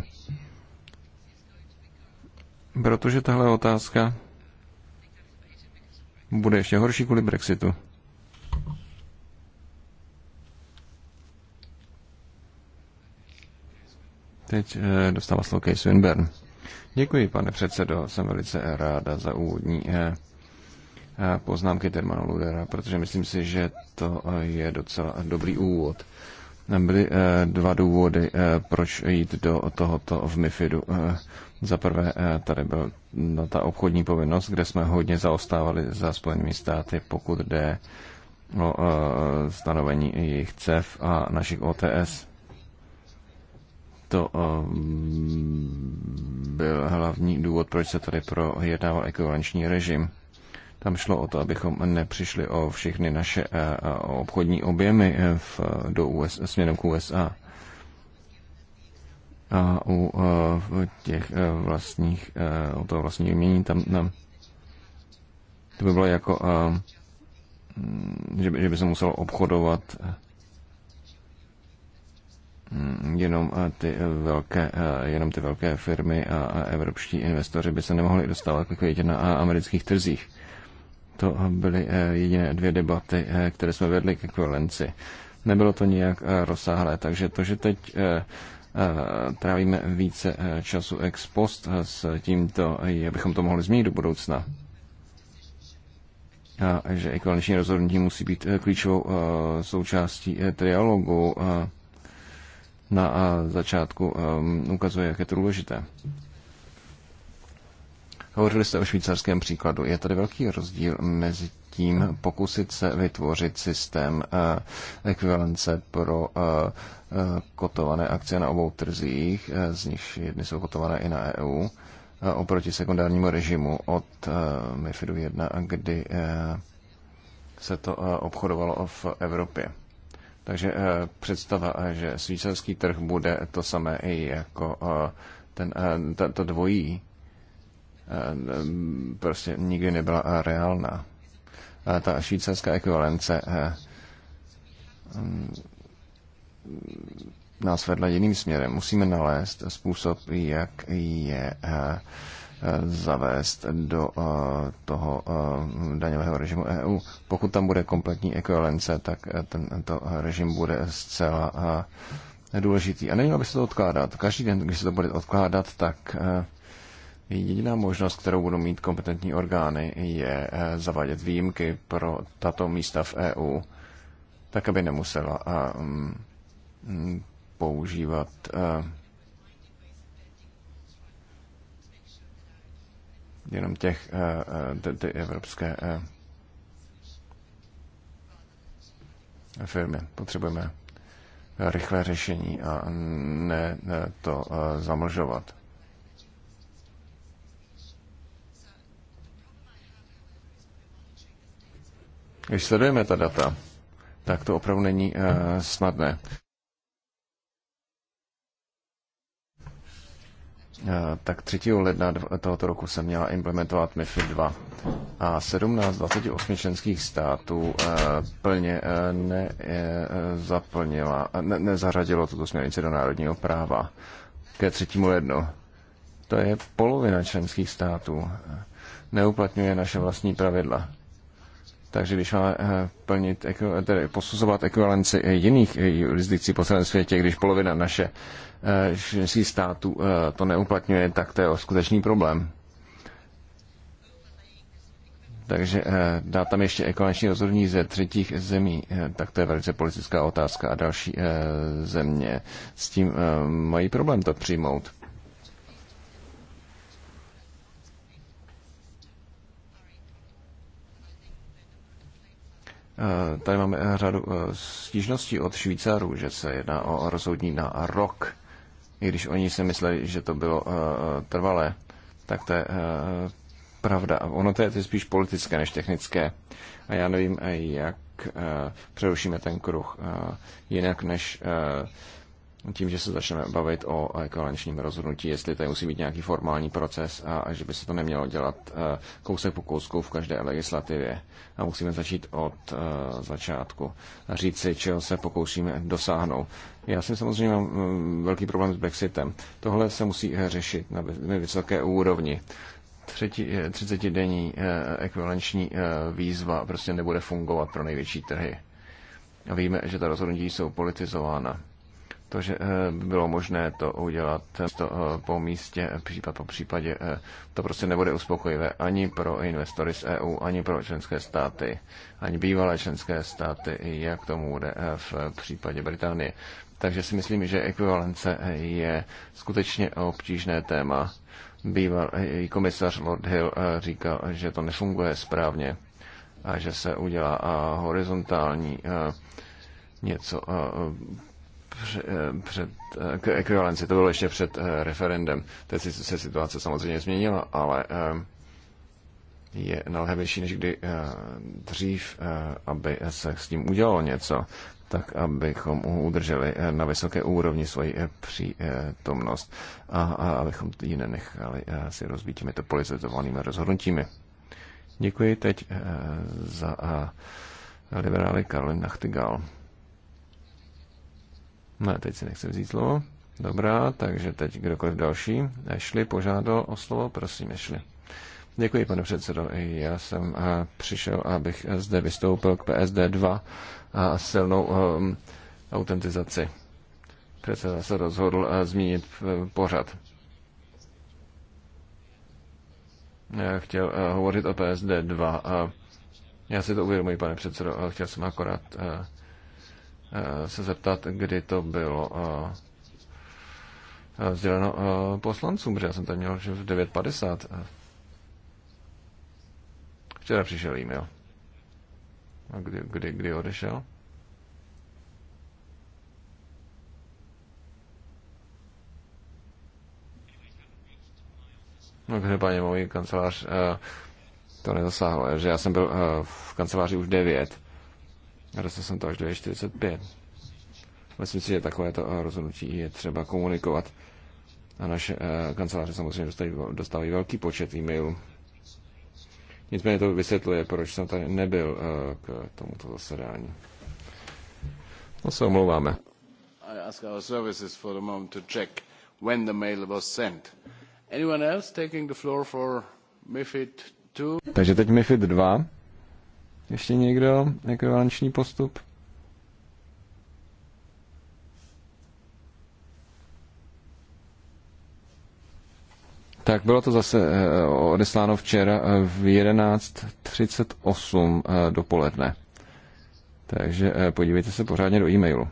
Protože tahle otázka bude ještě horší kvůli Brexitu. Teď eh, dostává slovo Kej Swinburne. Děkuji, pane předsedo. Jsem velice ráda za úvodní eh, eh, poznámky Termana Ludera, protože myslím si, že to je docela dobrý úvod. Byly dva důvody, proč jít do tohoto v MIFIDu. Za prvé tady byla no, ta obchodní povinnost, kde jsme hodně zaostávali za Spojenými státy, pokud jde o stanovení jejich CEF a našich OTS to eh, mm, byl hlavní důvod, proč se tady projednával ekvivalenční režim. Tam šlo o to, abychom nepřišli o všechny naše eh, eh, obchodní objemy v, do US, směrem k USA. A u těch vlastních, u toho vlastního umění tam, tam to by bylo jako, mm, že by, že by se muselo obchodovat Mm, jenom eh, ty eh, velké, eh, jenom ty velké firmy a evropští investoři by se nemohli dostávat k likviditě na amerických trzích. To byly jediné dvě debaty, které jsme vedli k ekvivalenci. Nebylo to nijak rozsáhlé, takže to, že teď trávíme více času ex post s tímto, abychom to mohli změnit do budoucna. A že ekvivalenční rozhodnutí musí být klíčovou součástí trialogu na začátku um, ukazuje, jak je to důležité. Hovořili jste o švýcarském příkladu. Je tady velký rozdíl mezi tím pokusit se vytvořit systém uh, ekvivalence pro uh, uh, kotované akce na obou trzích, z nich jedny jsou kotované i na EU, oproti sekundárnímu režimu od MIFIDu 1, kdy se to obchodovalo v Evropě. Takže eh, představa, eh, že švýcarský trh bude to samé i jako eh, ten, to, to dvojí, mm, prostě nikdy nebyla reálná. Ta švýcarská ekvivalence mm, nás vedla jiným směrem. Musíme nalézt způsob, jak je zavést do eh, toho eh, daňového režimu EU. Pokud tam bude kompletní ekvivalence, tak eh, tento režim bude zcela důležitý. A nemělo by se to odkládat. Každý den, když se to bude odkládat, tak Jediná možnost, kterou budou mít kompetentní orgány, je zavádět výjimky pro tato místa v EU, tak aby nemusela používat jenom těch uh, ty evropské eh, firmy. Potřebujeme rychlé řešení a ne to zamlžovat. Když sledujeme ta data, tak to opravdu není snadné. Eh, tak 3. ledna tohoto roku se měla implementovat MIFID 2 a 17 28 členských států eh, plně eh, nezaplnila, ne, nezařadilo tuto směrnici do národního práva ke 3. lednu. To je polovina členských států. Neuplatňuje naše vlastní pravidla. Takže když máme eh, plnit, tedy posuzovat ekvivalenci jiných eh, jurisdikcí po celém světě, když polovina naše členských států eh, to neuplatňuje, tak to je skutečný problém. Takže dá tam ještě ekvivalenční rozhodní ze třetích zemí, tak to je velice politická otázka a další země s tím mají problém to přijmout. Eh, tady máme eh, řadu eh, stížností od Švýcarů, že se jedná o rozhodní na rok. I když oni si mysleli, že to bylo trvalé, tak to je pravda. Ono to je spíš politické než technické. A já nevím, jak přerušíme ten kruh jinak než tím, že se začneme bavit o ekvivalenčním rozhodnutí, jestli tady musí být nějaký formální proces a, a že by se to nemělo dělat eh, kousek po kousku v každé legislativě. A musíme začít od eh, začátku a říct si, čeho se pokoušíme dosáhnout. Já si samozřejmě mám mm, velký problém s Brexitem. Tohle se musí eh, řešit na vysoké úrovni. 30-denní ekvivalenční výzva prostě nebude fungovat pro největší trhy. A víme, že ta rozhodnutí jsou politizována to, že eh, by bylo možné to udělat eh, to eh, po místě, případ po případě, to prostě nebude uspokojivé ani pro investory z EU, ani pro členské státy, ani bývalé členské státy, jak tomu bude v případě Británie. Takže si myslím, že ekvivalence je skutečně obtížné téma. Bývalý komisař Lord Hill říkal, že to nefunguje správně a že se udělá horizontální něco Eh, před, eh, k ekvivalenci, to bylo ještě před eh, referendem. Teď se situace samozřejmě změnila, ale je nalhavější než kdy dřív, aby se s tím udělalo něco, tak abychom udrželi na vysoké úrovni svoji přítomnost a, abychom ji nenechali si rozbít těmito politizovanými rozhodnutími. Děkuji teď za liberály Karolina Nachtigal. Ne, teď si nechci vzít slovo. Dobrá, takže teď kdokoliv další. Ešli požádal o slovo, prosím, Ešli. Děkuji, pane předsedo. Já jsem eh, přišel, abych zde vystoupil k PSD 2 eh, a silnou um, autentizaci. Předseda se rozhodl eh, zmínit pořad. Já chtěl hovořit o PSD 2. Já si to uvědomuji, pane předsedo, ale chtěl jsem akorát Eh, se zeptat, kdy to bylo eh, eh, sděleno poslancům, protože já jsem tam měl, že v 9.50. Včera přišel e-mail. A kdy, kdy, kdy odešel? No, každopádně můj kancelář to nezasáhl, že já jsem byl v kanceláři už 9 Rostl jsem to až do 45. Myslím si, že takovéto eh, rozhodnutí je třeba komunikovat. A naše eh, kanceláře samozřejmě dostaví, dostaví velký počet e-mailů. Nicméně to vysvětluje, proč jsem tady nebyl eh, k tomuto zasedání. No se omlouváme. I ask our services for moment to check when the mail was sent. Anyone else taking the floor for MIFID 2? Takže teď MIFID 2. Ještě někdo? Ekvivalenční postup? Tak bylo to zase eh, odesláno včera eh, v 11.38 eh, dopoledne. Takže podívejte se pořádně do e-mailu.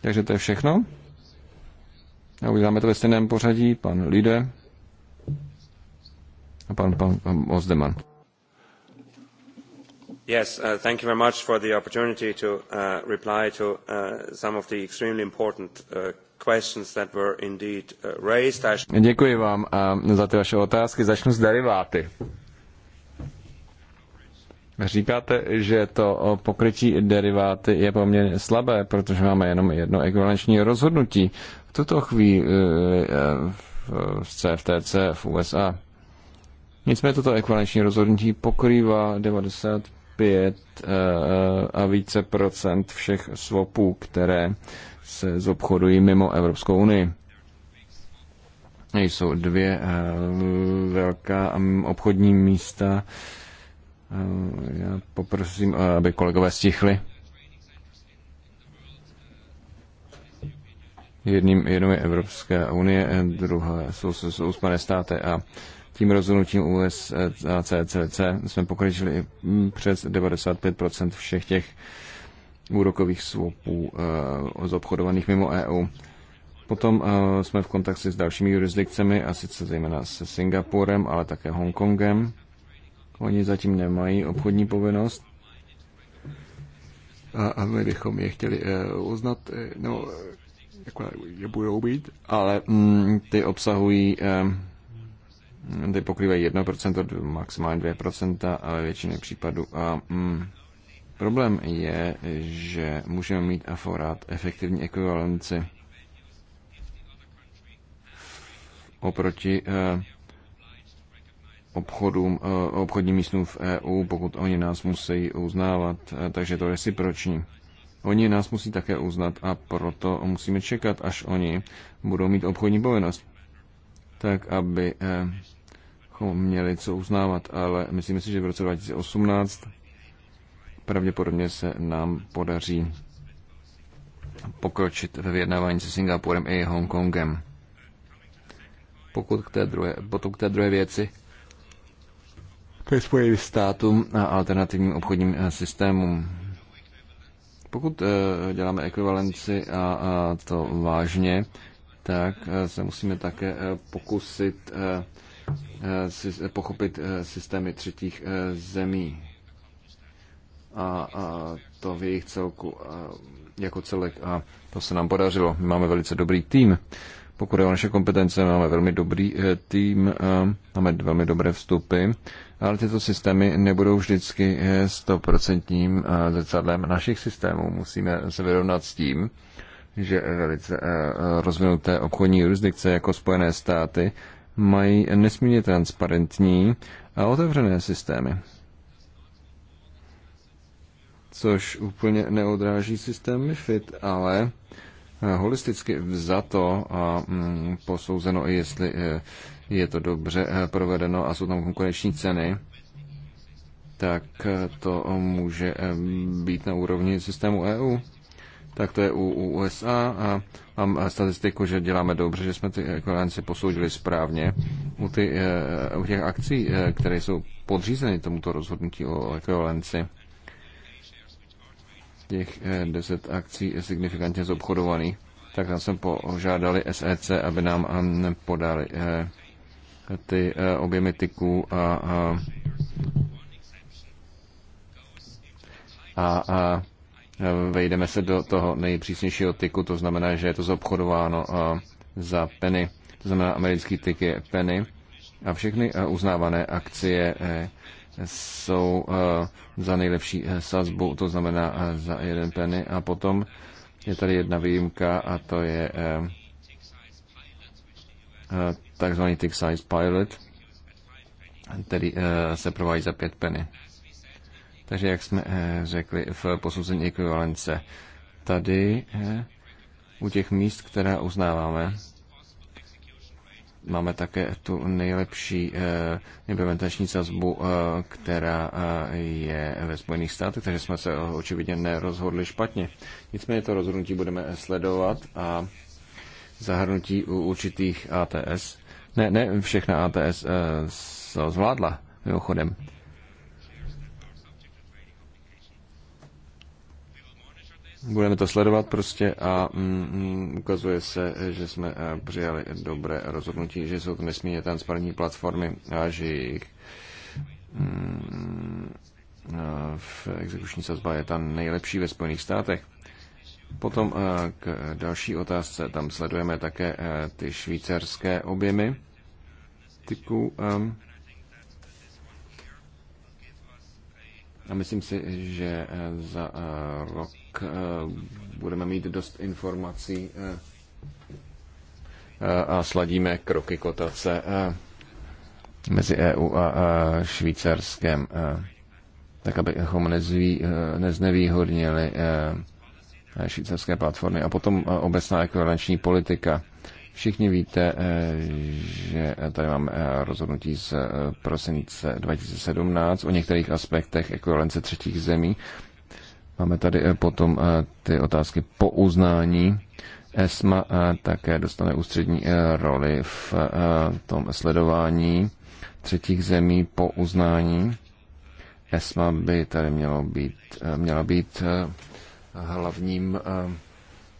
Takže to je všechno. A uděláme to ve stejném pořadí. Pan Lide, Pan, pan, pan Ozdeman. Yes, uh, thank you very much for the opportunity to uh, reply to uh, some of the extremely important uh, questions that were indeed uh, raised. I... Děkuji vám uh, za ty vaše otázky. Začnu s deriváty. Říkáte, že to pokrytí deriváty je poměrně slabé, protože máme jenom jedno ekvivalenční rozhodnutí v tuto chvíli eh, v CFTC v USA. Nicméně toto ekvivalenční rozhodnutí pokrývá 95 eh, eh, a více procent všech swapů, které se zobchodují mimo Evropskou unii. Jsou dvě eh, velká obchodní místa. Já poprosím, aby kolegové stichli. Jedním, jednou je Evropská unie, druhá jsou, jsou Spojené státy a tím rozhodnutím USCCC jsme pokryli přes 95% všech těch úrokových swapů eh, obchodovaných mimo EU. Potom eh, jsme v kontaktu s dalšími jurisdikcemi, a sice zejména se Singapurem, ale také Hongkongem. Oni zatím nemají obchodní povinnost, a, a my bychom je chtěli uh, uznat, no, jako je budou být, ale mm, ty obsahují ty pokrývají 1%, maximálně 2%, ale většině případů. A mm, problém je, že můžeme mít aforát efektivní ekvivalenci oproti eh, obchodům, eh, obchodním místům v EU, pokud oni nás musí uznávat, eh, takže to je reciproční. Oni nás musí také uznat a proto musíme čekat, až oni budou mít obchodní povinnost tak aby měli co uznávat, ale myslím si, že v roce 2018 pravděpodobně se nám podaří pokročit ve vyjednávání se Singapurem i Hongkongem. Pokud k té druhé, potom k té druhé věci, ke spojení státům a alternativním obchodním eh, systémům. Pokud eh, děláme ekvivalenci a, to vážně, tak eh, se musíme také eh, pokusit eh, pochopit systémy třetích zemí a, to v jejich celku jako celek a to se nám podařilo. My máme velice dobrý tým. Pokud je o naše kompetence, máme velmi dobrý tým, máme velmi dobré vstupy, ale tyto systémy nebudou vždycky stoprocentním zrcadlem našich systémů. Musíme se vyrovnat s tím, že velice eh, rozvinuté obchodní jurisdikce jako Spojené státy mají nesmírně transparentní a otevřené systémy. Což úplně neodráží systém MIFID, ale eh, holisticky vzato a mm, posouzeno, jestli eh, je to dobře provedeno a jsou tam konkurenční ceny, tak to může být na úrovni systému EU tak to je u, u USA a mám statistiku, že děláme dobře, že jsme ty ekvivalenci posoudili správně. U, ty, eh, u těch akcí, eh, které jsou podřízeny tomuto rozhodnutí o ekvivalenci, těch 10 eh, akcí signifikantně zobchodovaný. tak tam jsme požádali SEC, aby nám podali ty objemy tyků a, a, a, a vejdeme se do toho nejpřísnějšího tyku, to znamená, že je to zobchodováno eh, za peny, to znamená americký tyk je peny a všechny eh, uznávané akcie eh, jsou za nejlepší sazbu, to znamená za jeden penny a potom je tady jedna výjimka a to je takzvaný tick size pilot, který se provádí za pět penny. Takže jak jsme eh, řekli v posouzení ekvivalence, tady eh, u těch míst, která uznáváme, máme také tu nejlepší eh, implementační sazbu, která je ve Spojených státech, takže jsme se očividně nerozhodli špatně. Nicméně to rozhodnutí budeme sledovat a zahrnutí u určitých ATS. Ne, ne všechna ATS zvládla, mimochodem. Budeme to sledovat prostě a mm, mm ukazuje se, že jsme eh, přijali dobré rozhodnutí, že jsou to nesmírně transparentní platformy a že jich mm, eh, v exekuční sazba je ta nejlepší ve Spojených státech. Potom eh, k další otázce. Tam sledujeme také ty švýcarské objemy typu. A myslím si, že za rok Eh, budeme mít dost informací eh, eh, a sladíme kroky kotace mezi EU a Švýcarskem, tak abychom nezví, neznevýhodnili švýcarské platformy. A potom obecná ekvivalenční politika. Všichni víte, že tady máme rozhodnutí z prosince 2017 o některých aspektech ekvivalence třetích zemí Máme tady eh, potom eh, ty otázky po uznání. ESMA eh, také dostane ústřední roli v tom sledování třetích zemí po uznání. ESMA by tady mělo být, měla být hlavním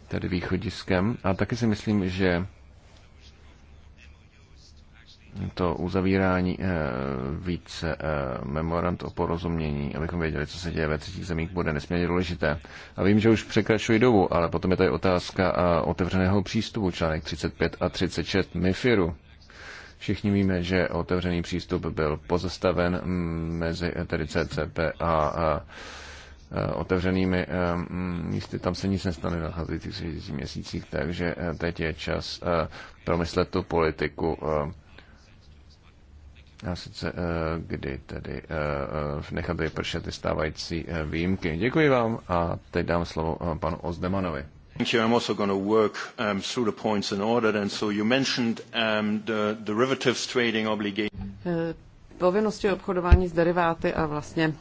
tedy východiskem. A taky si myslím, že to uzavírání eh, více eh, memorand o porozumění, abychom věděli, co se děje ve třetích zemích, bude nesmírně důležité. A vím, že už překračuji dobu, ale potom je tady otázka a eh, otevřeného přístupu, článek 35 a 36 MIFIRu. Všichni víme, že otevřený přístup byl pozastaven mm, mezi tedy CCP a otevřenými mm, místy, tam se nic nestane v nacházejících měsících, takže teď je čas promyslet tu politiku a sice eh, kdy tedy eh, eh, nechat vypršet ty stávající výjimky. Děkuji vám a teď dám slovo panu Ozdemanovi. Thank you. I'm also going to work um, through the points in order. And so you mentioned um, the derivatives trading obligation. Povinnosti obchodování s deriváty a vlastně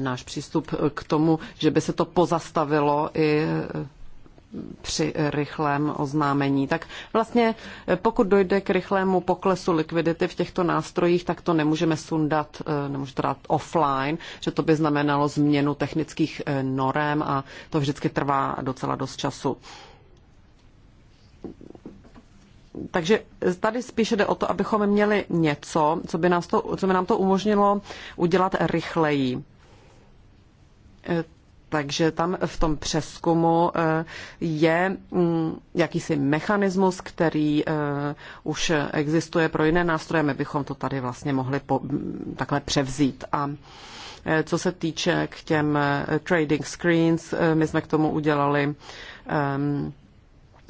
náš přístup k tomu, že by se to pozastavilo i při rychlém oznámení. Tak vlastně eh, pokud dojde k rychlému poklesu likvidity v těchto nástrojích, tak to nemůžeme sundat, eh, to dát offline, že to by znamenalo změnu technických eh, norem a to vždycky trvá docela dost času. Takže tady spíše jde o to, abychom měli něco, co by, nás to, co by nám to umožnilo udělat rychleji takže tam v tom přeskumu eh, je mm, jakýsi mechanismus, který eh, už existuje pro jiné nástroje. My bychom to tady vlastně mohli po, mm, takhle převzít. A eh, co se týče k těm trading screens, my jsme k tomu udělali ehm,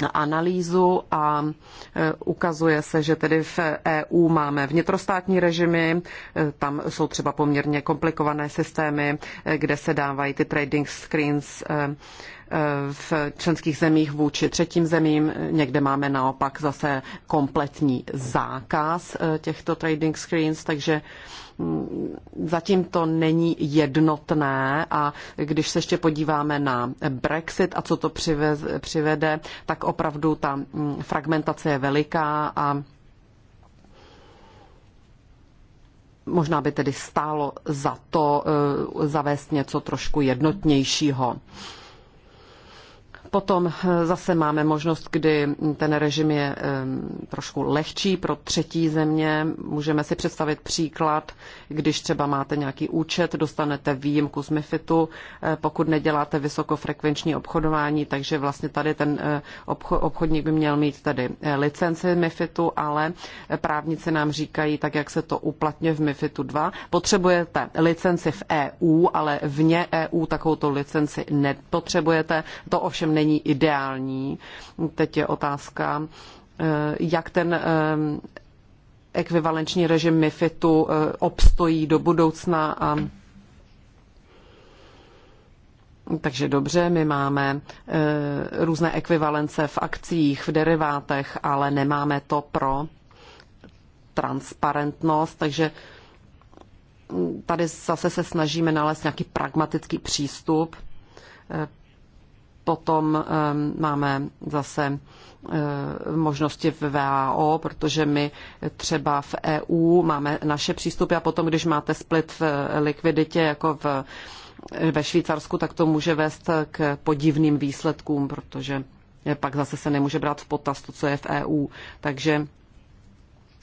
analýzu a e, ukazuje se, že tedy v EU máme vnitrostátní režimy, e, tam jsou třeba poměrně komplikované systémy, e, kde se dávají ty trading screens v členských zemích vůči třetím zemím. Někde máme naopak zase kompletní zákaz eh, těchto trading screens, takže mm, zatím to není jednotné a když se ještě podíváme na Brexit a co to přivez, přivede, tak opravdu ta mm, fragmentace je veliká a možná by tedy stálo za to eh, zavést něco trošku jednotnějšího. Potom eh, zase máme možnost, kdy ten režim je trošku lehčí pro třetí země. Můžeme si představit příklad, když třeba máte nějaký účet, dostanete výjimku z MIFITu, eh, pokud neděláte vysokofrekvenční obchodování, takže vlastně tady ten eh, obchodník by měl mít tady licenci MIFITu, ale právníci nám říkají, tak jak se to uplatňuje v MIFITu 2, potřebujete licenci v EU, ale vně EU takovouto licenci nepotřebujete. To ovšem není ideální. Teď je otázka, eh, jak ten eh, ekvivalenční režim MIFITu eh, obstojí do budoucna a takže dobře, my máme různé ekvivalence v akcích, v derivátech, ale nemáme to pro transparentnost, takže mm, tady zase se snažíme nalézt nějaký pragmatický přístup. Potom ehm, máme zase ehm, možnosti v VAO, protože my třeba v EU máme naše přístupy a potom, když máte split v likviditě jako v, ve Švýcarsku, tak to může vést k podivným výsledkům, protože pak zase se nemůže brát v potaz to, co je v EU. Takže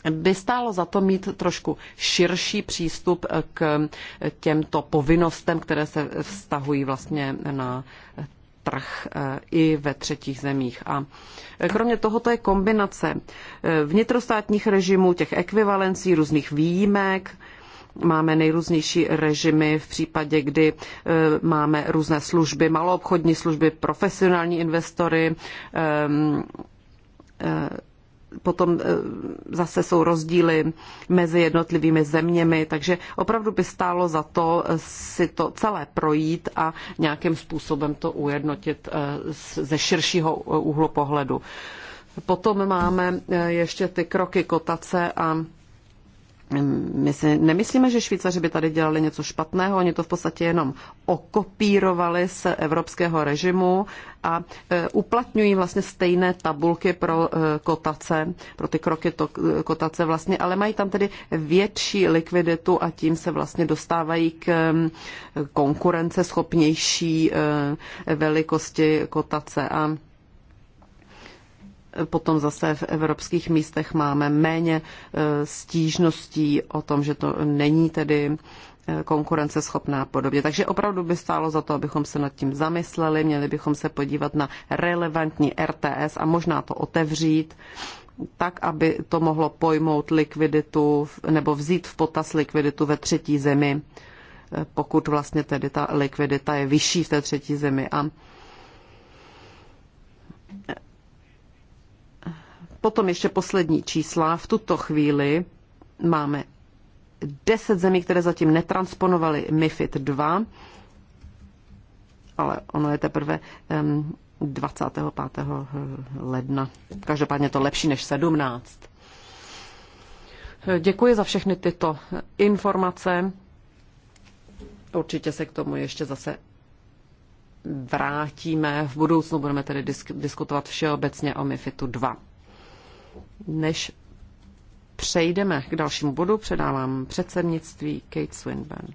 by stálo za to mít trošku širší přístup k těmto povinnostem, které se vztahují vlastně na trh eh, i ve třetích zemích. A eh, kromě toho to je kombinace eh, vnitrostátních režimů, těch ekvivalencí, různých výjimek, máme nejrůznější režimy v případě, kdy máme různé služby, maloobchodní služby, profesionální investory, potom eh, zase jsou rozdíly mezi jednotlivými zeměmi, takže opravdu by stálo za to eh, si to celé projít a nějakým způsobem to ujednotit eh, ze širšího úhlu pohledu. Potom máme ještě ty kroky kotace a my si nemyslíme, že Švýcaři by tady dělali něco špatného, oni to v podstatě jenom okopírovali z evropského režimu a e, uplatňují vlastně stejné tabulky pro e, kotace, pro ty kroky to, e, kotace vlastně, ale mají tam tedy větší likviditu a tím se vlastně dostávají k konkurenceschopnější velikosti kotace a Potom zase v evropských místech máme méně e, stížností o tom, že to není tedy e, konkurenceschopná a podobně. Takže opravdu by stálo za to, abychom se nad tím zamysleli, měli bychom se podívat na relevantní RTS a možná to otevřít tak, aby to mohlo pojmout likviditu nebo vzít v potaz likviditu ve třetí zemi, e, pokud vlastně tedy ta likvidita je vyšší v té třetí zemi. A Potom ještě poslední čísla. V tuto chvíli máme 10 zemí, které zatím netransponovaly MIFID 2, ale ono je teprve 25. Eh, ledna. Každopádně to lepší než 17. Děkuji za všechny tyto informace. Určitě se k tomu ještě zase vrátíme. V budoucnu budeme tedy disk- diskutovat všeobecně o MIFITu 2. Než přejdeme k dalšímu bodu, předávám předsednictví Kate Swinburne.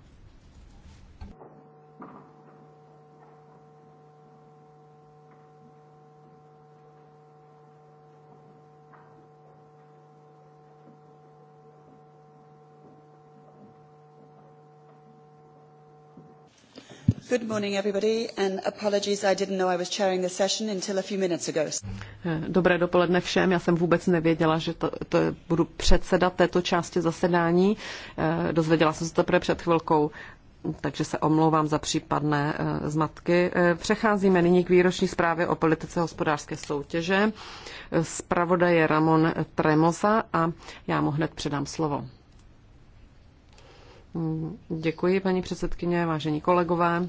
Good morning everybody and apologies I didn't know I was chairing session until a few minutes ago. Eh, dobré dopoledne všem. Já jsem vůbec nevěděla, že to, to budu předsedat této části zasedání. Eh, dozvěděla jsem se to před chvilkou takže se omlouvám za případné eh, zmatky. Přecházíme nyní k výroční zprávě o politice hospodářské soutěže. Zpravoda je Ramon Tremosa a já mu hned předám slovo. Mm, děkuji, paní předsedkyně, vážení kolegové.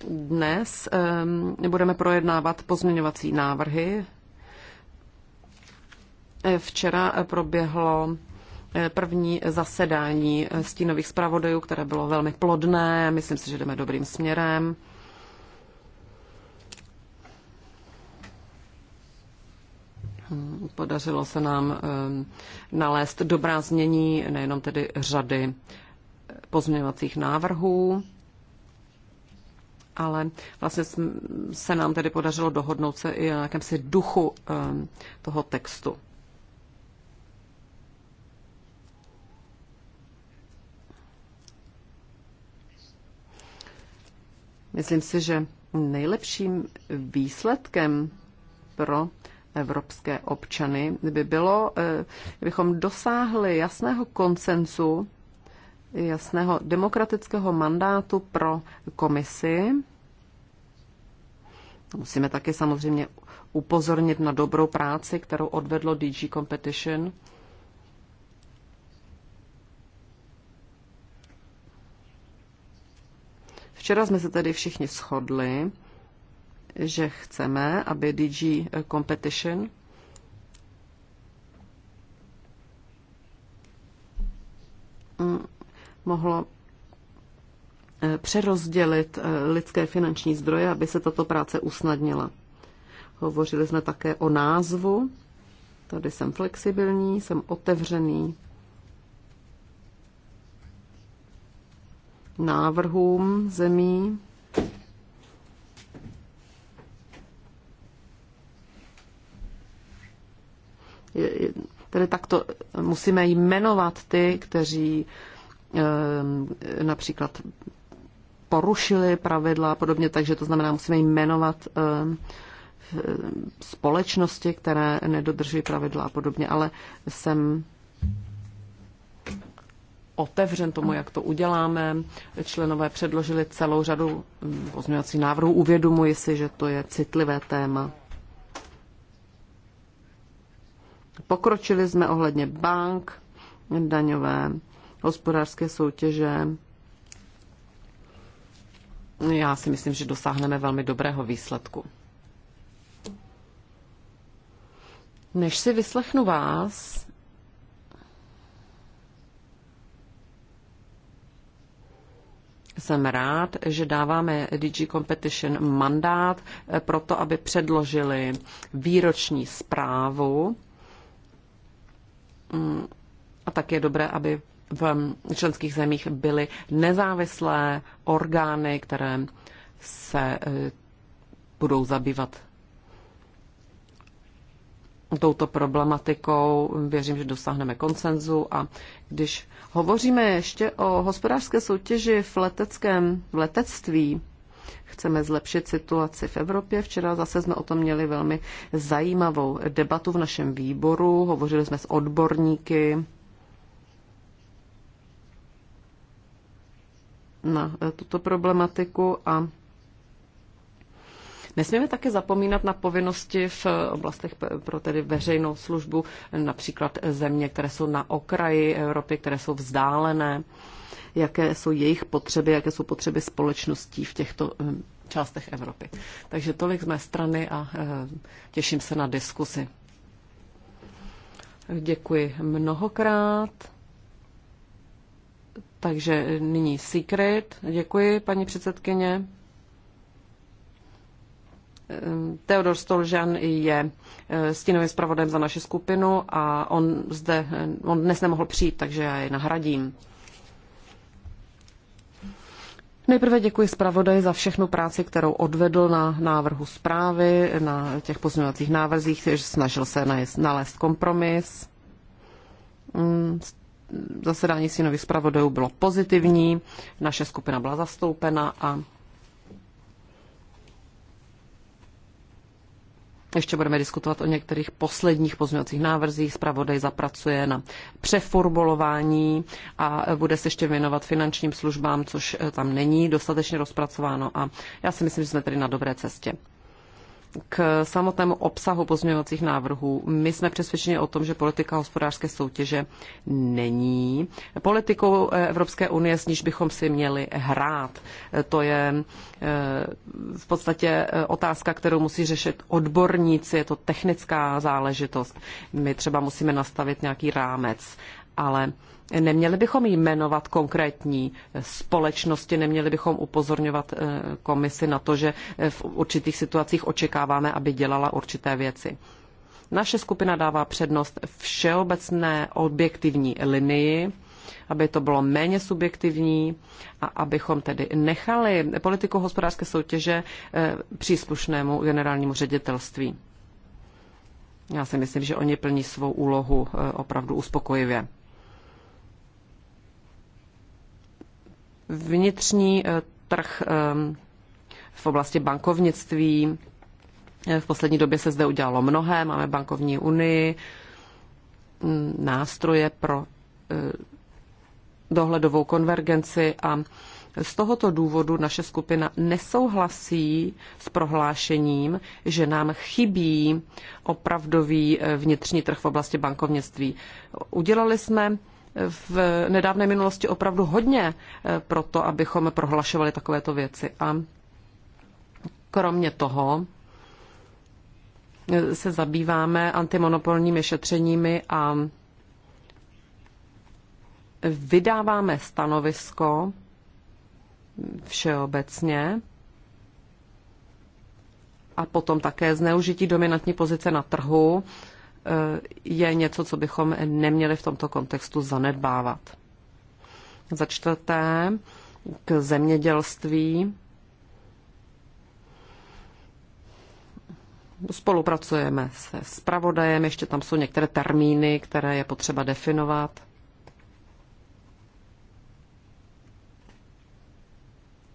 Dnes budeme projednávat pozměňovací návrhy. E, včera proběhlo e, první zasedání e, stínových zpravodajů, které bylo velmi plodné. Myslím si, že jdeme dobrým směrem. Hmm, podařilo se nám nalézt dobrá změní, nejenom tedy řady pozměňovacích návrhů ale vlastně se nám tedy podařilo dohodnout se i na jakémsi duchu ehm, toho textu. Myslím si, že nejlepším výsledkem pro evropské občany by bylo, eh, kdybychom dosáhli jasného konsensu jasného demokratického mandátu pro komisi. Musíme také samozřejmě upozornit na dobrou práci, kterou odvedlo DG Competition. Včera jsme se tedy všichni shodli, že chceme, aby DG Competition mohlo eh, přerozdělit eh, lidské finanční zdroje, aby se tato práce usnadnila. Hovořili jsme také o názvu. Tady jsem flexibilní, jsem otevřený návrhům zemí. Tedy takto musíme jmenovat ty, kteří Ehm, například porušili pravidla a podobně, takže to znamená, musíme jmenovat ehm, ehm, společnosti, které nedodržují pravidla a podobně, ale jsem otevřen tomu, jak to uděláme. Členové předložili celou řadu pozměňovacích návrhů. Uvědomuji si, že to je citlivé téma. Pokročili jsme ohledně bank, daňové hospodářské soutěže. Já si myslím, že dosáhneme velmi dobrého výsledku. Než si vyslechnu vás, jsem rád, že dáváme DG Competition mandát pro to, aby předložili výroční zprávu. A tak je dobré, aby v členských zemích byly nezávislé orgány, které se eh, budou zabývat touto problematikou. Věřím, že dosáhneme konsenzu a když hovoříme ještě o hospodářské soutěži v leteckém v letectví, chceme zlepšit situaci v Evropě. Včera zase jsme o tom měli velmi zajímavou debatu v našem výboru. Hovořili jsme s odborníky, na eh, tuto problematiku a Nesmíme také zapomínat na povinnosti v eh, oblastech pro tedy veřejnou službu, například eh, země, které jsou na okraji Evropy, které jsou vzdálené, jaké jsou jejich potřeby, jaké jsou potřeby společností v těchto částech Evropy. Takže tolik z mé strany a těším se na diskusi. Děkuji mnohokrát. Takže nyní Secret. Děkuji, paní předsedkyně. Teodor Stolžan je eh, stínovým zpravodem za naši skupinu a on zde, eh, on dnes nemohl přijít, takže já je nahradím. Nejprve děkuji zpravodaji za všechnu práci, kterou odvedl na návrhu zprávy, na těch pozměňovacích návrzích, že snažil se nalézt kompromis. Mm, zasedání synových zpravodajů bylo pozitivní, naše skupina byla zastoupena a Ještě budeme diskutovat o některých posledních pozměňovacích návrzích. Spravodaj zapracuje na přeformulování a bude se ještě věnovat finančním službám, což tam není dostatečně rozpracováno. A já si myslím, že jsme tedy na dobré cestě. K samotnému obsahu pozměňovacích návrhů. My jsme přesvědčeni o tom, že politika hospodářské soutěže není politikou eh, Evropské unie, s níž bychom si měli hrát. Eh, to je eh, v podstatě otázka, kterou musí řešit odborníci, je to technická záležitost. My třeba musíme nastavit nějaký rámec, ale Neměli bychom jmenovat konkrétní společnosti, neměli bychom upozorňovat eh, komisi na to, že eh, v určitých situacích očekáváme, aby dělala určité věci. Naše skupina dává přednost všeobecné objektivní linii, aby to bylo méně subjektivní a abychom tedy nechali politiku hospodářské soutěže eh, příslušnému generálnímu ředitelství. Já si myslím, že oni plní svou úlohu opravdu uspokojivě. vnitřní eh, trh ehm, v oblasti bankovnictví. Eh, v poslední době se zde udělalo mnohé. Máme bankovní unii, mm, nástroje pro eh, dohledovou konvergenci a z tohoto důvodu naše skupina nesouhlasí s prohlášením, že nám chybí opravdový vnitřní trh v oblasti bankovnictví. Udělali jsme v nedávné minulosti opravdu hodně eh, pro to, abychom prohlašovali takovéto věci. A kromě toho eh, se zabýváme antimonopolními šetřeními a vydáváme stanovisko všeobecně a potom také zneužití dominantní pozice na trhu Eh, je něco, co bychom neměli v tomto kontextu zanedbávat. Za čtvrté, k zemědělství. Spolupracujeme se zpravodajem, ještě tam jsou některé termíny, které je potřeba definovat.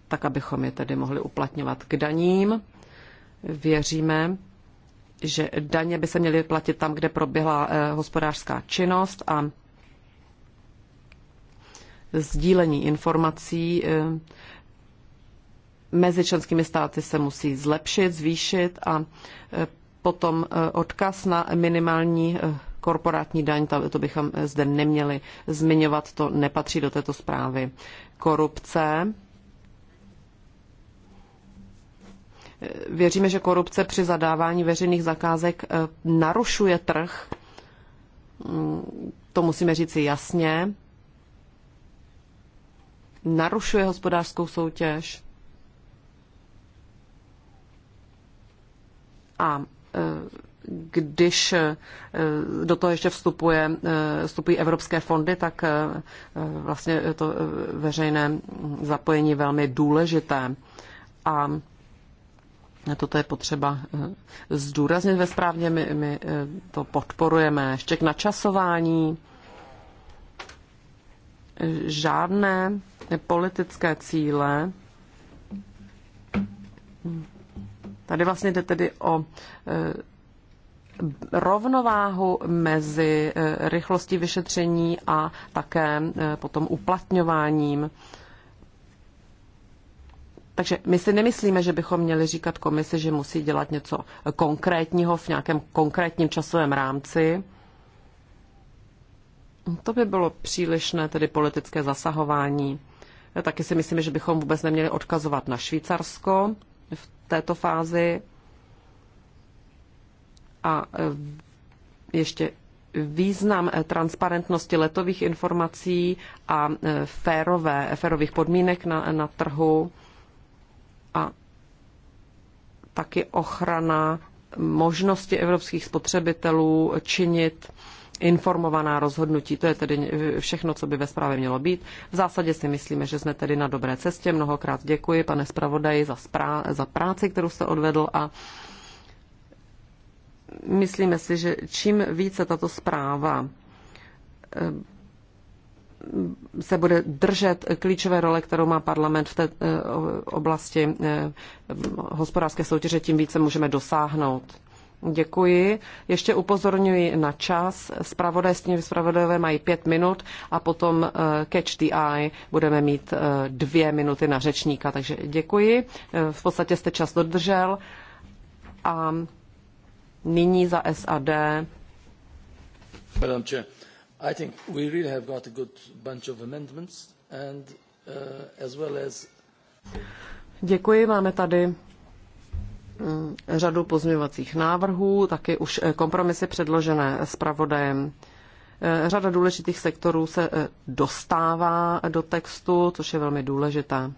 tak abychom je tedy mohli uplatňovat k daním. Věříme, že daně by se měly platit tam, kde proběhla eh, hospodářská činnost a sdílení informací eh, mezi členskými státy se musí zlepšit, zvýšit a eh, potom odkaz na minimální korporátní daň, to bychom zde neměli zmiňovat, to nepatří do této zprávy. Korupce, Věříme, že korupce při zadávání veřejných zakázek eh, narušuje trh. Mm, to musíme říci jasně. Narušuje hospodářskou soutěž. A eh, když eh, do toho ještě vstupuje, vstupují evropské fondy, tak vlastně je to veřejné zapojení velmi důležité. A Toto je potřeba eh, zdůraznit ve správně. My, my eh, to podporujeme. Ještě k načasování žádné politické cíle. Tady vlastně jde tedy o eh, rovnováhu mezi rychlostí vyšetření a také potom uplatňováním takže my si nemyslíme, že bychom měli říkat komisi, že musí dělat něco konkrétního v nějakém konkrétním časovém rámci. To by bylo přílišné tedy politické zasahování. Já taky si myslím, že bychom vůbec neměli odkazovat na Švýcarsko v této fázi. A e, ještě význam e, transparentnosti letových informací a e, férové, férových podmínek na, na trhu a taky ochrana možnosti evropských spotřebitelů činit informovaná rozhodnutí. To je tedy všechno, co by ve zprávě mělo být. V zásadě si myslíme, že jsme tedy na dobré cestě. Mnohokrát děkuji, pane zpravodaji, za, sprá- za práci, kterou jste odvedl a myslíme si, že čím více tato zpráva se bude držet klíčové role, kterou má parlament v té eh, oblasti eh, hospodářské soutěže, tím více můžeme dosáhnout. Děkuji. Ještě upozorňuji na čas. Spravodaj, stínoví spravodajové mají pět minut a potom eh, catch the eye budeme mít dvě minuty na řečníka, takže děkuji. V podstatě jste čas dodržel a nyní za SAD. Madame i think we really have got a good bunch of amendments and uh, as well as Děkuji, máme tady mm, řadu pozměňovacích návrhů, taky už eh, kompromisy předložené zpravodajem. Eh, řada důležitých sektorů se eh, dostává do textu, což je velmi důležité.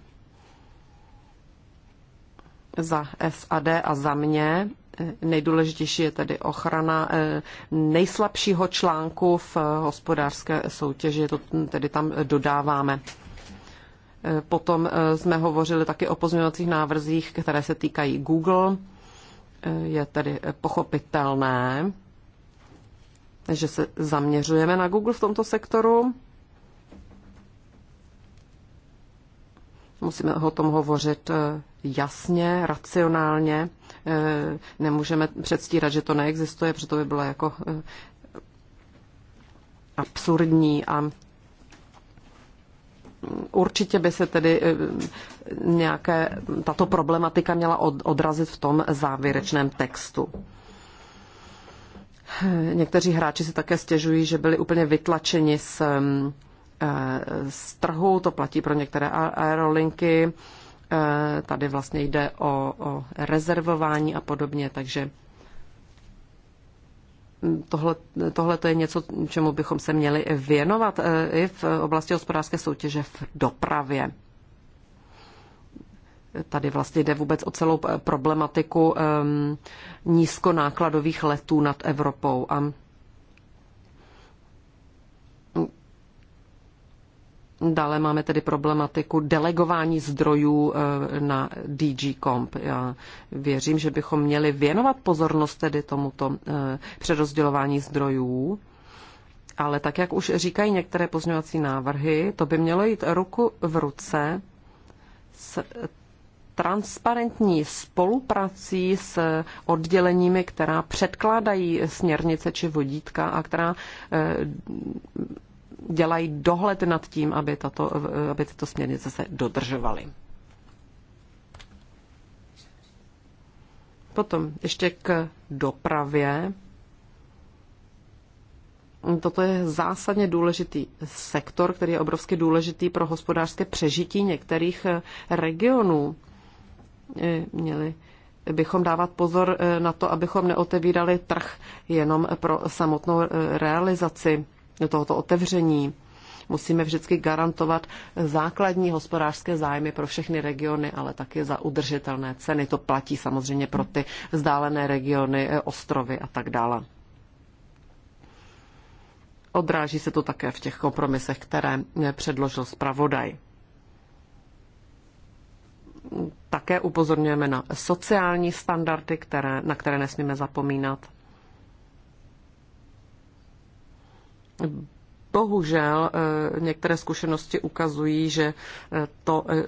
Za SAD a za mě Eh, nejdůležitější je tedy ochrana eh, nejslabšího článku v hospodářské soutěži, to tedy tam dodáváme. Eh, potom jsme hovořili taky o pozměňovacích návrzích, které se týkají Google. Je tedy pochopitelné, že se zaměřujeme na Google v tomto sektoru. Musíme o tom hovořit jasně, racionálně Eh, nemůžeme předstírat, že to neexistuje, protože to by bylo jako eh, absurdní a Určitě by se tedy eh, nějaké, tato problematika měla odrazit v tom závěrečném textu. Někteří hráči si také stěžují, že byli úplně vytlačeni z, z trhu, to platí pro některé aerolinky. Eh, tady vlastně jde o, o rezervování a podobně, takže tohle, to je něco, čemu bychom se měli věnovat eh, i v oblasti hospodářské soutěže v dopravě. Tady vlastně jde vůbec o celou problematiku um, nízkonákladových letů nad Evropou. A Dále máme tedy problematiku delegování zdrojů eh, na DG Comp. Já věřím, že bychom měli věnovat pozornost tedy tomuto eh, přerozdělování zdrojů. Ale tak, jak už říkají některé pozňovací návrhy, to by mělo jít ruku v ruce s transparentní spoluprací s odděleními, která předkládají směrnice či vodítka a která eh, dělají dohled nad tím, aby, tato, aby tyto směrnice se dodržovaly. Potom ještě k dopravě. Toto je zásadně důležitý sektor, který je obrovsky důležitý pro hospodářské přežití některých eh, regionů. Eh, měli bychom dávat pozor eh, na to, abychom neotevírali trh jenom pro samotnou realizaci tohoto otevření. Musíme vždycky garantovat základní hospodářské zájmy pro všechny regiony, ale také za udržitelné ceny. To platí samozřejmě pro ty vzdálené regiony, eh, ostrovy a tak dále. Odráží se to také v těch kompromisech, které eh, předložil zpravodaj také upozorňujeme na sociální standardy, které, na které nesmíme zapomínat. Bohužel eh, některé zkušenosti ukazují, že, eh, to, eh,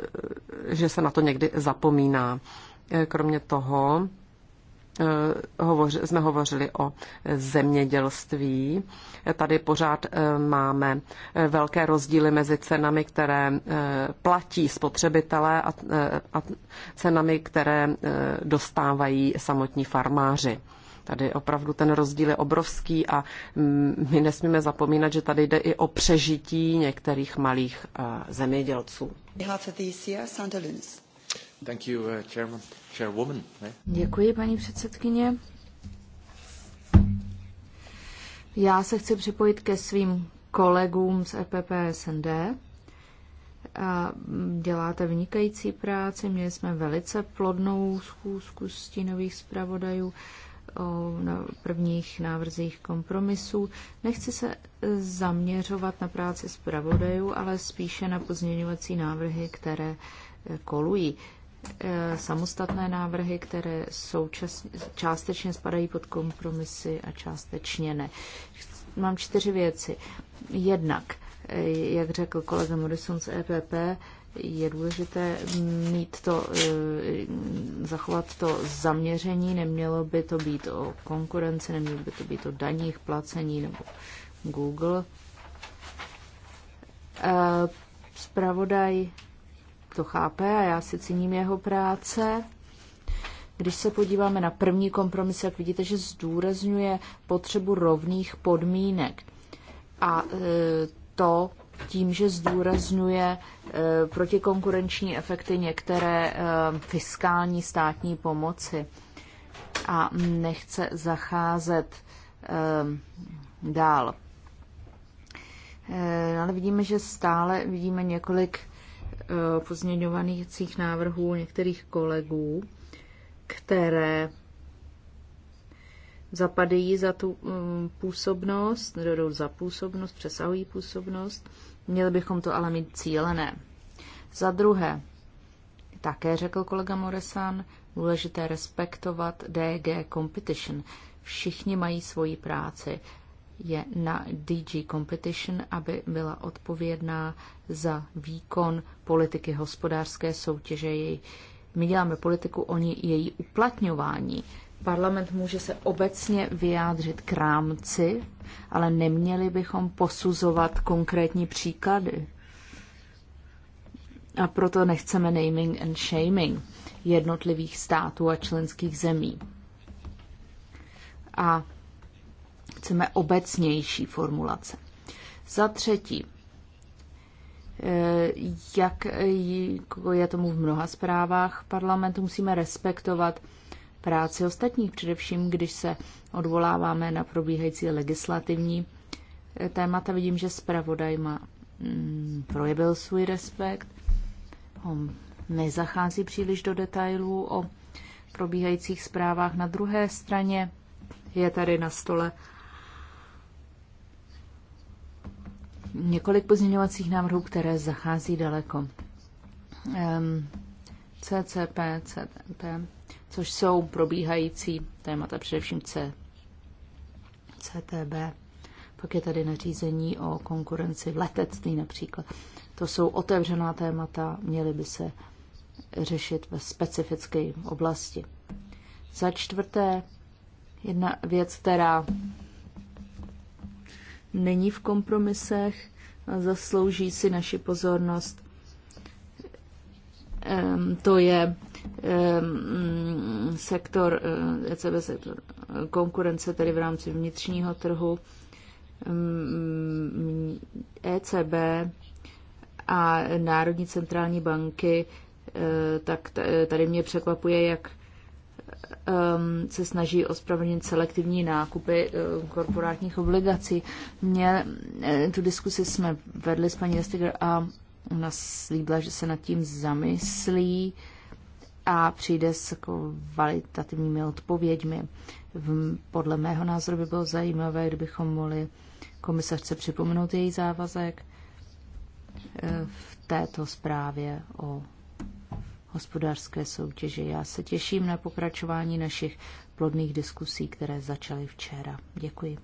že se na to někdy zapomíná. Kromě toho jsme hovořili o zemědělství. Tady pořád máme velké rozdíly mezi cenami, které platí spotřebitelé a cenami, které dostávají samotní farmáři. Tady opravdu ten rozdíl je obrovský a mm, my nesmíme zapomínat, že tady jde i o přežití některých malých eh, zemědělců. E uh, eh? Děkuji, paní předsedkyně. Já se chci připojit ke svým kolegům z EPP SND. A eh, děláte vynikající práci, měli jsme velice plodnou schůzku stínových zpravodajů o prvních návrzích kompromisů. Nechci se e, zaměřovat na práci zpravodajů, ale spíše na pozměňovací návrhy, které e, kolují. E, samostatné návrhy, které současně, částečně spadají pod kompromisy a částečně ne. Mám čtyři věci. Jednak, jak řekl kolega Morrison z EPP, je důležité mít to, e, zachovat to zaměření, nemělo by to být o konkurenci, nemělo by to být o daních, placení nebo Google. Spravodaj e, to chápe a já si cením jeho práce. Když se podíváme na první kompromis, jak vidíte, že zdůrazňuje potřebu rovných podmínek. A e, to tím, že zdůraznuje eh, protikonkurenční efekty některé eh, fiskální státní pomoci a nechce zacházet eh, dál. Ale vidíme, že stále vidíme několik pozměňovaných návrhů některých kolegů, které zapadají za tu působnost, jdou za působnost, přesahují působnost Měli bychom to ale mít cílené. Za druhé, také řekl kolega Moresan, důležité respektovat DG Competition. Všichni mají svoji práci. Je na DG Competition, aby byla odpovědná za výkon politiky hospodářské soutěže. My děláme politiku, oni její uplatňování. Parlament může se obecně vyjádřit k rámci, ale neměli bychom posuzovat konkrétní příklady. A proto nechceme naming and shaming jednotlivých států a členských zemí. A chceme obecnější formulace. Za třetí, eh, jak je tomu v mnoha zprávách parlamentu, musíme respektovat práci ostatních, především když se odvoláváme na probíhající legislativní eh, témata. Vidím, že zpravodaj má, mm, projevil svůj respekt, on nezachází příliš do detailů o probíhajících zprávách. Na druhé straně je tady na stole několik pozměňovacích návrhů, které zachází daleko. Ehm, CCP, CTP což jsou probíhající témata, především C, CTB. Pak je tady nařízení o konkurenci v letectví například. To jsou otevřená témata, měly by se řešit ve specifické oblasti. Za čtvrté, jedna věc, která není v kompromisech a zaslouží si naši pozornost, ehm, to je Ehm, mm, sektor, ECB eh, e sektor eh, konkurence, tedy v rámci vnitřního trhu, ECB ehm, mm, e a Národní centrální banky, eh, tak tady mě překvapuje, jak ehm, se snaží ospravedlnit selektivní nákupy korporátních obligací. Mě, tu diskusi jsme vedli s paní Vestager a ona slíbila, že se nad tím zamyslí a přijde s kvalitativními odpověďmi. Podle mého názoru by bylo zajímavé, kdybychom mohli komisařce připomenout její závazek eh, v této zprávě o hospodářské soutěži. Já se těším na pokračování našich plodných diskusí, které začaly včera. Děkuji.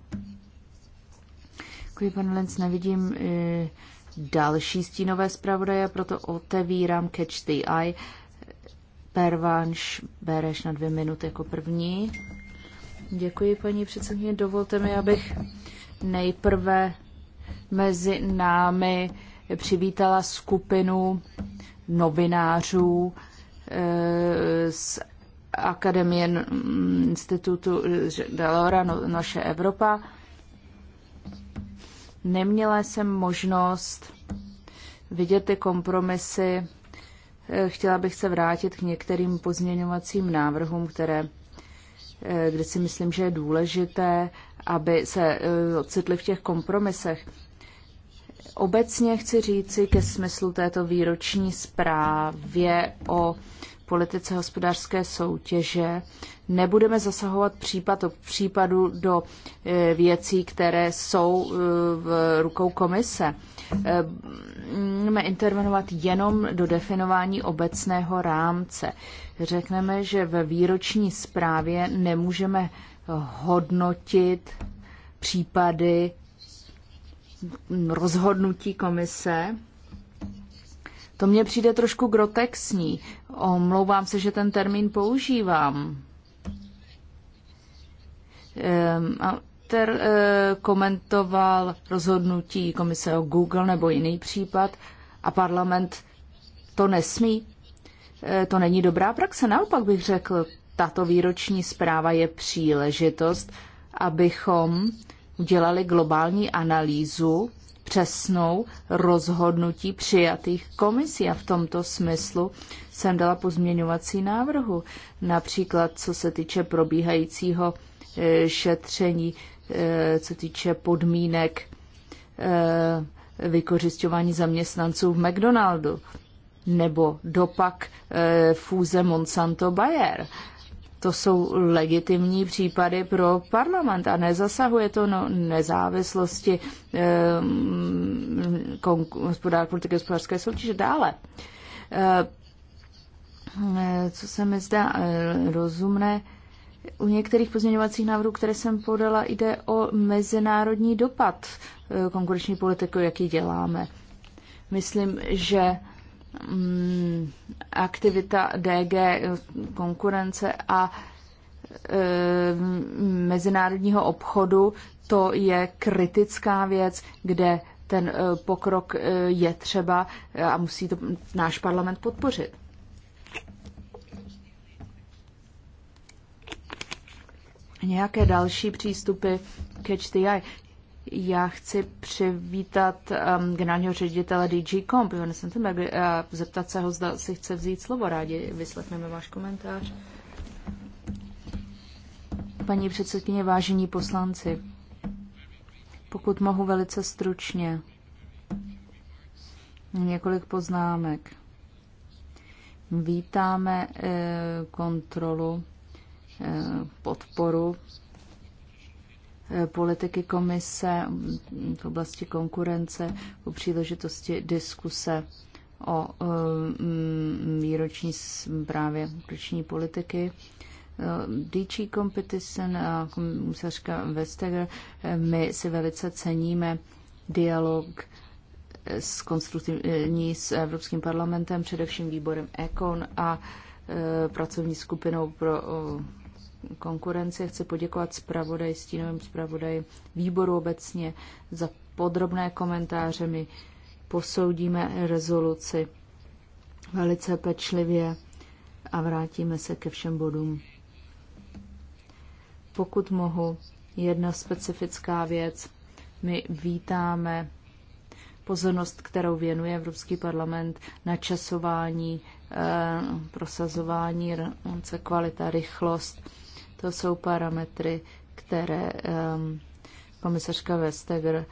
Děkuji, pan Lenz. Nevidím eh, další stínové zpravodaje, proto otevírám Catch the Eye Pervanš Bereš na dvě minuty jako první. Děkuji, paní předsedkyně. Dovolte mi, abych nejprve mezi námi přivítala skupinu novinářů eh, z Akademie institutu Delora no, Naše Evropa. Neměla jsem možnost vidět ty kompromisy chtěla bych se vrátit k některým pozměňovacím návrhům, které eh, kde si myslím, že je důležité, aby se eh, ocitli v těch kompromisech. Obecně chci říci ke smyslu této výroční zprávě o politice hospodářské soutěže, Nebudeme zasahovat případ od případu do e, věcí, které jsou e, v rukou komise. E, budeme intervenovat jenom do definování obecného rámce. Řekneme, že ve výroční zprávě nemůžeme hodnotit případy rozhodnutí komise. To mně přijde trošku grotexní. Omlouvám se, že ten termín používám. Ehm, a ter eh, komentoval rozhodnutí komise o Google nebo jiný případ a parlament to nesmí. Eh, to není dobrá praxe, naopak bych řekl, tato výroční zpráva je příležitost, abychom udělali globální analýzu přesnou rozhodnutí přijatých komisí a v tomto smyslu jsem dala pozměňovací návrhu, například co se týče probíhajícího E, šetření, e, co týče podmínek e, vykořišťování zaměstnanců v McDonaldu nebo dopak fůze Monsanto-Bayer. To jsou legitimní případy pro parlament a nezasahuje to no, nezávislosti hospodář, eh, politiky hospodářské soutěže dále. Eh, co se mi zdá eh, rozumné, eh, u některých pozměňovacích návrhů, které jsem podala, jde o mezinárodní dopad eh, konkurenční politiky, jaký děláme. Myslím, že mm, aktivita DG eh, konkurence a eh, mezinárodního obchodu, to je kritická věc, kde ten pokrok je třeba a musí to náš parlament podpořit. nějaké další přístupy k HDI. Já chci přivítat um, generálního ředitele DG Comp, Johana Sentenberg, uh, zeptat se ho, zda si chce vzít slovo. Rádi vyslechneme váš komentář. Paní předsedkyně, vážení poslanci, pokud mohu velice stručně, několik poznámek. Vítáme e, kontrolu podporu eh, politiky komise v oblasti konkurence u příležitosti diskuse o eh, výroční právě roční politiky. Eh, DG Competition a komisařka Vestager, my si velice ceníme dialog s konstruktivní s Evropským parlamentem, především výborem ECON a pracovní skupinou pro konkurenci. Chci poděkovat zpravodaj, stínovým zpravodaj výboru obecně za podrobné komentáře. My posoudíme rezoluci velice pečlivě a vrátíme se ke všem bodům. Pokud mohu, jedna specifická věc. My vítáme pozornost, kterou věnuje Evropský parlament na časování, eh, prosazování, kvalita, rychlost to jsou parametry, které um, komisařka Vestager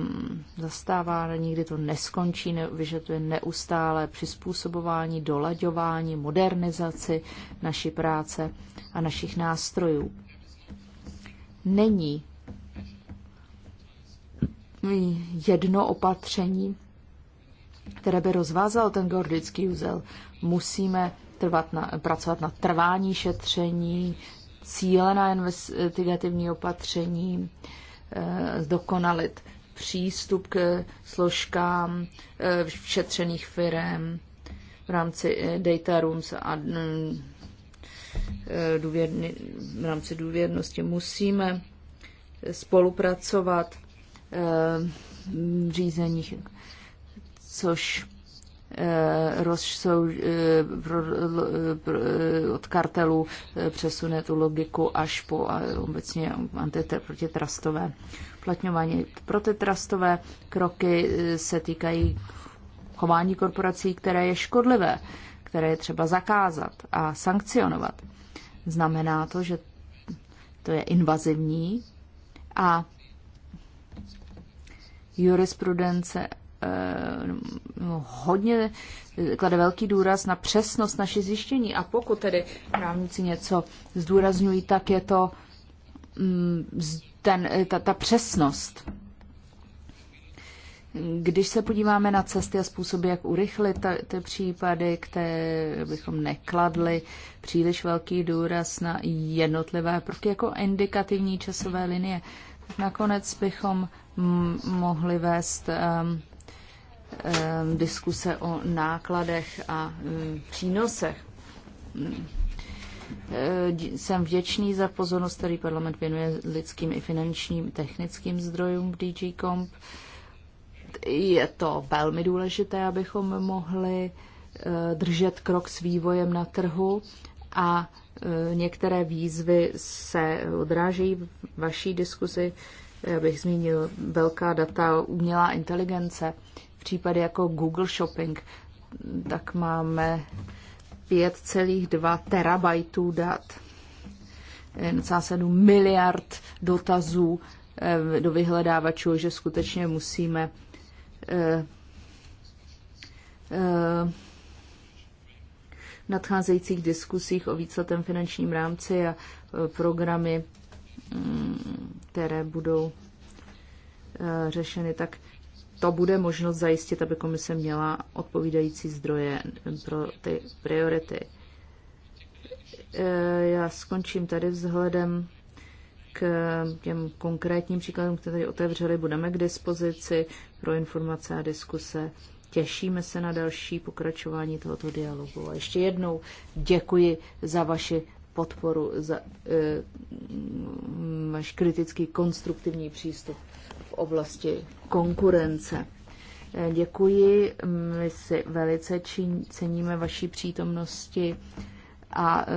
um, zastává, ale nikdy to neskončí, ne, vyžaduje neustále přizpůsobování, dolaďování, modernizaci naší práce a našich nástrojů. Není jedno opatření, které by rozvázal ten gordický úzel. Musíme trvat na, pracovat na trvání šetření, cílená investigativní opatření, eh, zdokonalit přístup k složkám všetřených eh, firm v rámci eh, data rooms a mm, důvěrny, v rámci důvěrnosti musíme spolupracovat v řízeních, což Eh, rozsou, eh, pro, eh, pro, od kartelů přesune tu logiku až po obecně protitrastové platňování. Protitrastové kroky se týkají chování korporací, které je škodlivé, které je třeba zakázat a sankcionovat. Znamená to, že to je invazivní a jurisprudence Eh, no, hodně klade velký důraz na přesnost naší zjištění a pokud tedy právníci něco zdůrazňují, tak je to mm, ten, eh, ta, ta přesnost. Když se podíváme na cesty a způsoby, jak urychlit ty případy, které bychom nekladli příliš velký důraz na jednotlivé prvky jako indikativní časové linie, nakonec bychom mohli vést um, diskuse o nákladech a přínosech. Eh, jsem vděčný za pozornost, který parlament věnuje lidským i finančním technickým zdrojům v DG Comp. Je to velmi důležité, abychom mohli eh, držet krok s vývojem na trhu a eh, některé výzvy se odrážejí v vaší diskuzi. Já bych zmínil velká data, umělá inteligence případy jako Google Shopping, tak máme 5,2 terabajtů dat, 1,7 miliard dotazů eh, do vyhledávačů, že skutečně musíme eh, eh, v nadcházejících diskusích o výsledném finančním rámci a programy, mm, které budou řešeny, tak to bude možnost zajistit, aby komise měla odpovídající zdroje pro ty priority. E, já skončím tady vzhledem k těm konkrétním příkladům, které tady otevřeli. Budeme k dispozici pro informace a diskuse. Těšíme se na další pokračování tohoto dialogu. A ještě jednou děkuji za vaši podporu, za e, váš kritický, konstruktivní přístup oblasti konkurence. Děkuji, my si velice čin, ceníme vaší přítomnosti a e,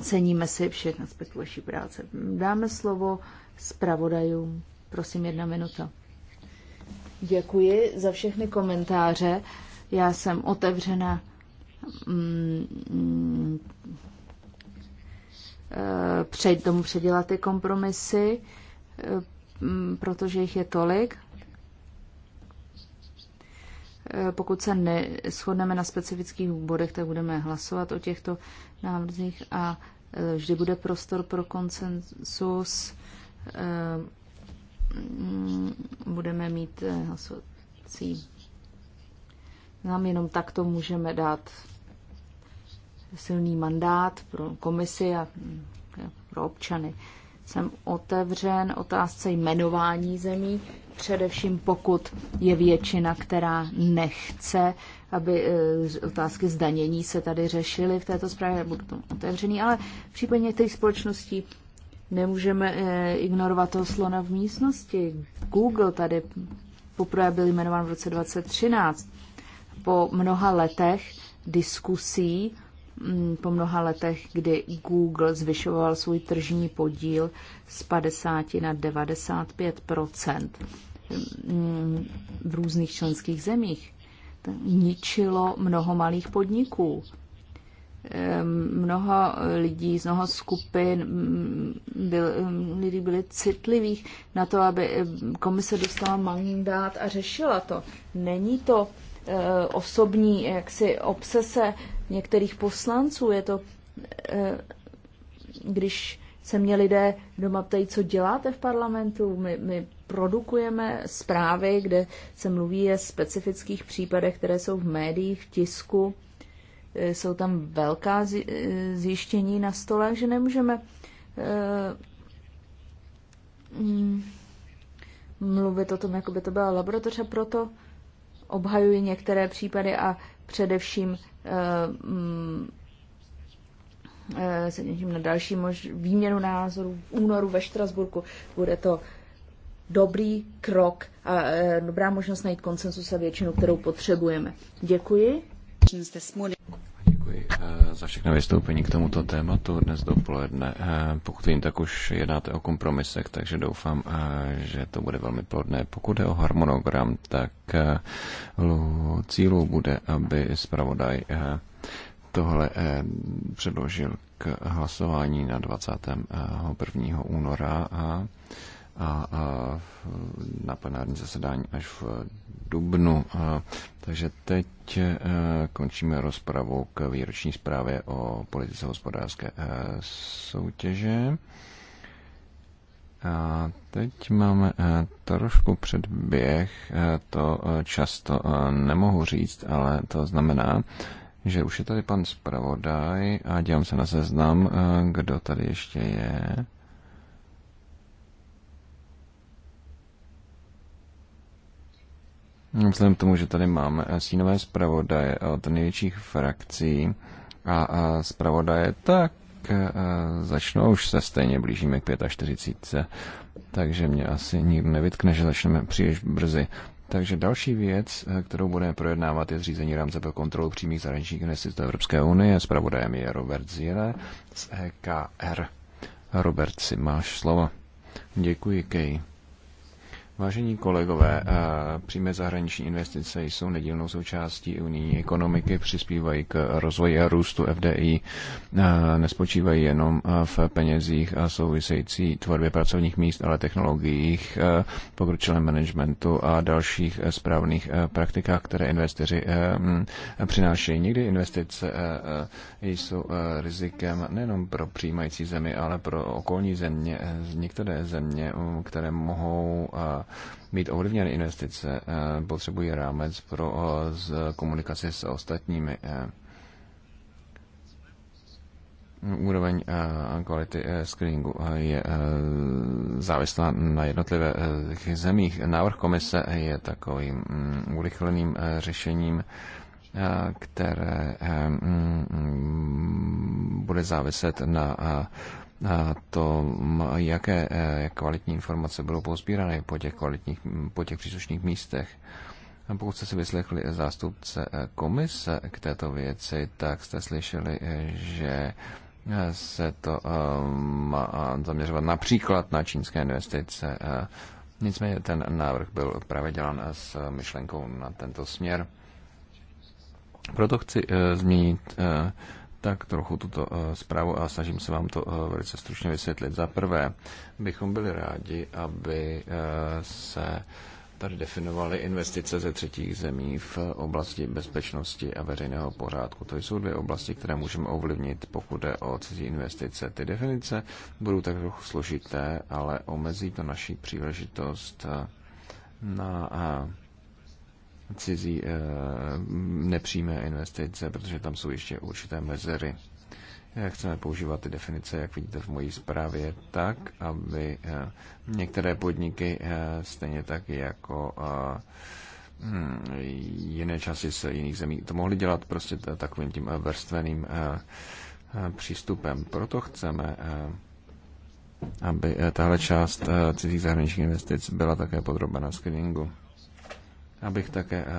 ceníme si všech aspektů vaší práce. Dáme slovo zpravodajům. Prosím, jedna minuta. Děkuji za všechny komentáře. Já jsem otevřena mm, e, před, tomu předělat ty kompromisy. Mm, protože jich je tolik. Eh, pokud se neschodneme na specifických bodech, tak budeme hlasovat o těchto návrzích a eh, vždy bude prostor pro konsensus. Eh, mm, budeme mít hlasovací. Nám jenom takto můžeme dát silný mandát pro komisi a mm, pro občany jsem otevřen otázce jmenování zemí, především pokud je většina, která nechce, aby e, otázky zdanění se tady řešily v této zprávě, budu tomu otevřený, ale v případě některých společností nemůžeme e, ignorovat toho slona v místnosti. Google tady poprvé byl jmenován v roce 2013. Po mnoha letech diskusí Mm, po mnoha letech, kdy Google zvyšoval svůj tržní podíl z 50 na 95 mm, v různých členských zemích. Ničilo mnoho malých podniků. Mnoho lidí z mnoho skupin mm, byl, lidi byli citlivých na to, aby komise dostala mandát a řešila to. Není to Eh, osobní jaksi obsese některých poslanců. Je to, eh, když se mě lidé doma ptají, co děláte v parlamentu. My, my produkujeme zprávy, kde se mluví o specifických případech, které jsou v médiích, v tisku. Eh, jsou tam velká zjištění na stole, že nemůžeme mm, mluvit o tom, jako by to byla laboratoře proto obhajuji některé případy a především eh, mm, eh, se těším na další mož- výměnu názorů v únoru ve Štrasburku. Bude to dobrý krok a eh, dobrá možnost najít konsensus a většinu, kterou potřebujeme. Děkuji za všechno vystoupení k tomuto tématu dnes dopoledne. Eh, pokud vím, tak už jednáte o kompromisech, takže doufám, eh, že to bude velmi plodné. Pokud je o harmonogram, tak eh, cílů bude, aby zpravodaj tohle předložil k hlasování na 21. února a a, a na plenární zasedání až v dubnu. A, takže teď a, e, končíme rozpravu k výroční zprávě o politice hospodářské a, e, soutěže. A teď máme e, trošku předběh, to často nemohu říct, ale to znamená, že už je tady pan zpravodaj a dělám se na seznam, kdo tady ještě je. Vzhledem k tomu, že tady máme eh, stínové zpravodaje od největších frakcí a, zpravodaje, tak eh, začnou, už se stejně blížíme k 45, takže mě asi nikdo nevytkne, že začneme příliš brzy. Takže další věc, eh, kterou budeme projednávat, je zřízení rámce pro kontrolu přímých zahraničních investic do Evropské unie. Zpravodajem je Robert Zíle z EKR. Robert, si máš slovo. Děkuji, Kej. Vážení kolegové, eh, přímé zahraniční investice jsou nedílnou součástí unijní ekonomiky, přispívají k rozvoji a růstu FDI, eh, nespočívají jenom eh, v penězích a související tvorbě pracovních míst, ale technologiích, pokročilém managementu a dalších správných praktikách, které investoři hm, přinášejí. Někdy investice jsou rizikem nejenom pro přijímající zemi, ale pro okolní země, některé země, které mohou být ovlivněny investice, eh, potřebují rámec pro eh, komunikaci s ostatními eh. úroveň kvality screeningu je závislá na jednotlivých zemích. Návrh komise je takovým mm, urychleným řešením, které mm, mm, bude záviset na to, jaké e, kvalitní informace budou pozbírané po těch, kvalitních, po těch příslušných místech. A pokud jste si vyslechli zástupce e, komise k této věci, tak jste slyšeli, e, že se to má zaměřovat například na čínské investice. Nicméně ten návrh byl právě dělan s myšlenkou na tento směr. Proto chci změnit tak trochu tuto eh, zprávu a snažím se vám to eh, velice stručně vysvětlit. Za prvé, bychom byli rádi, aby eh, se tady definovaly investice ze třetích zemí v oblasti bezpečnosti a veřejného pořádku. To jsou dvě oblasti, které můžeme ovlivnit, pokud jde o cizí investice. Ty definice budou tak trochu složité, ale omezí to naší příležitost na cizí eh, nepřímé investice, protože tam jsou ještě určité mezery. Eh, chceme používat ty definice, jak vidíte v mojí zprávě, tak, aby eh, některé podniky, stejně tak jako hm, jiné časy z jiných zemí, to mohly dělat prostě takovým tím vrstveným přístupem. Proto chceme aby tahle část cizích zahraničních investic byla také podrobena screeningu abych také eh,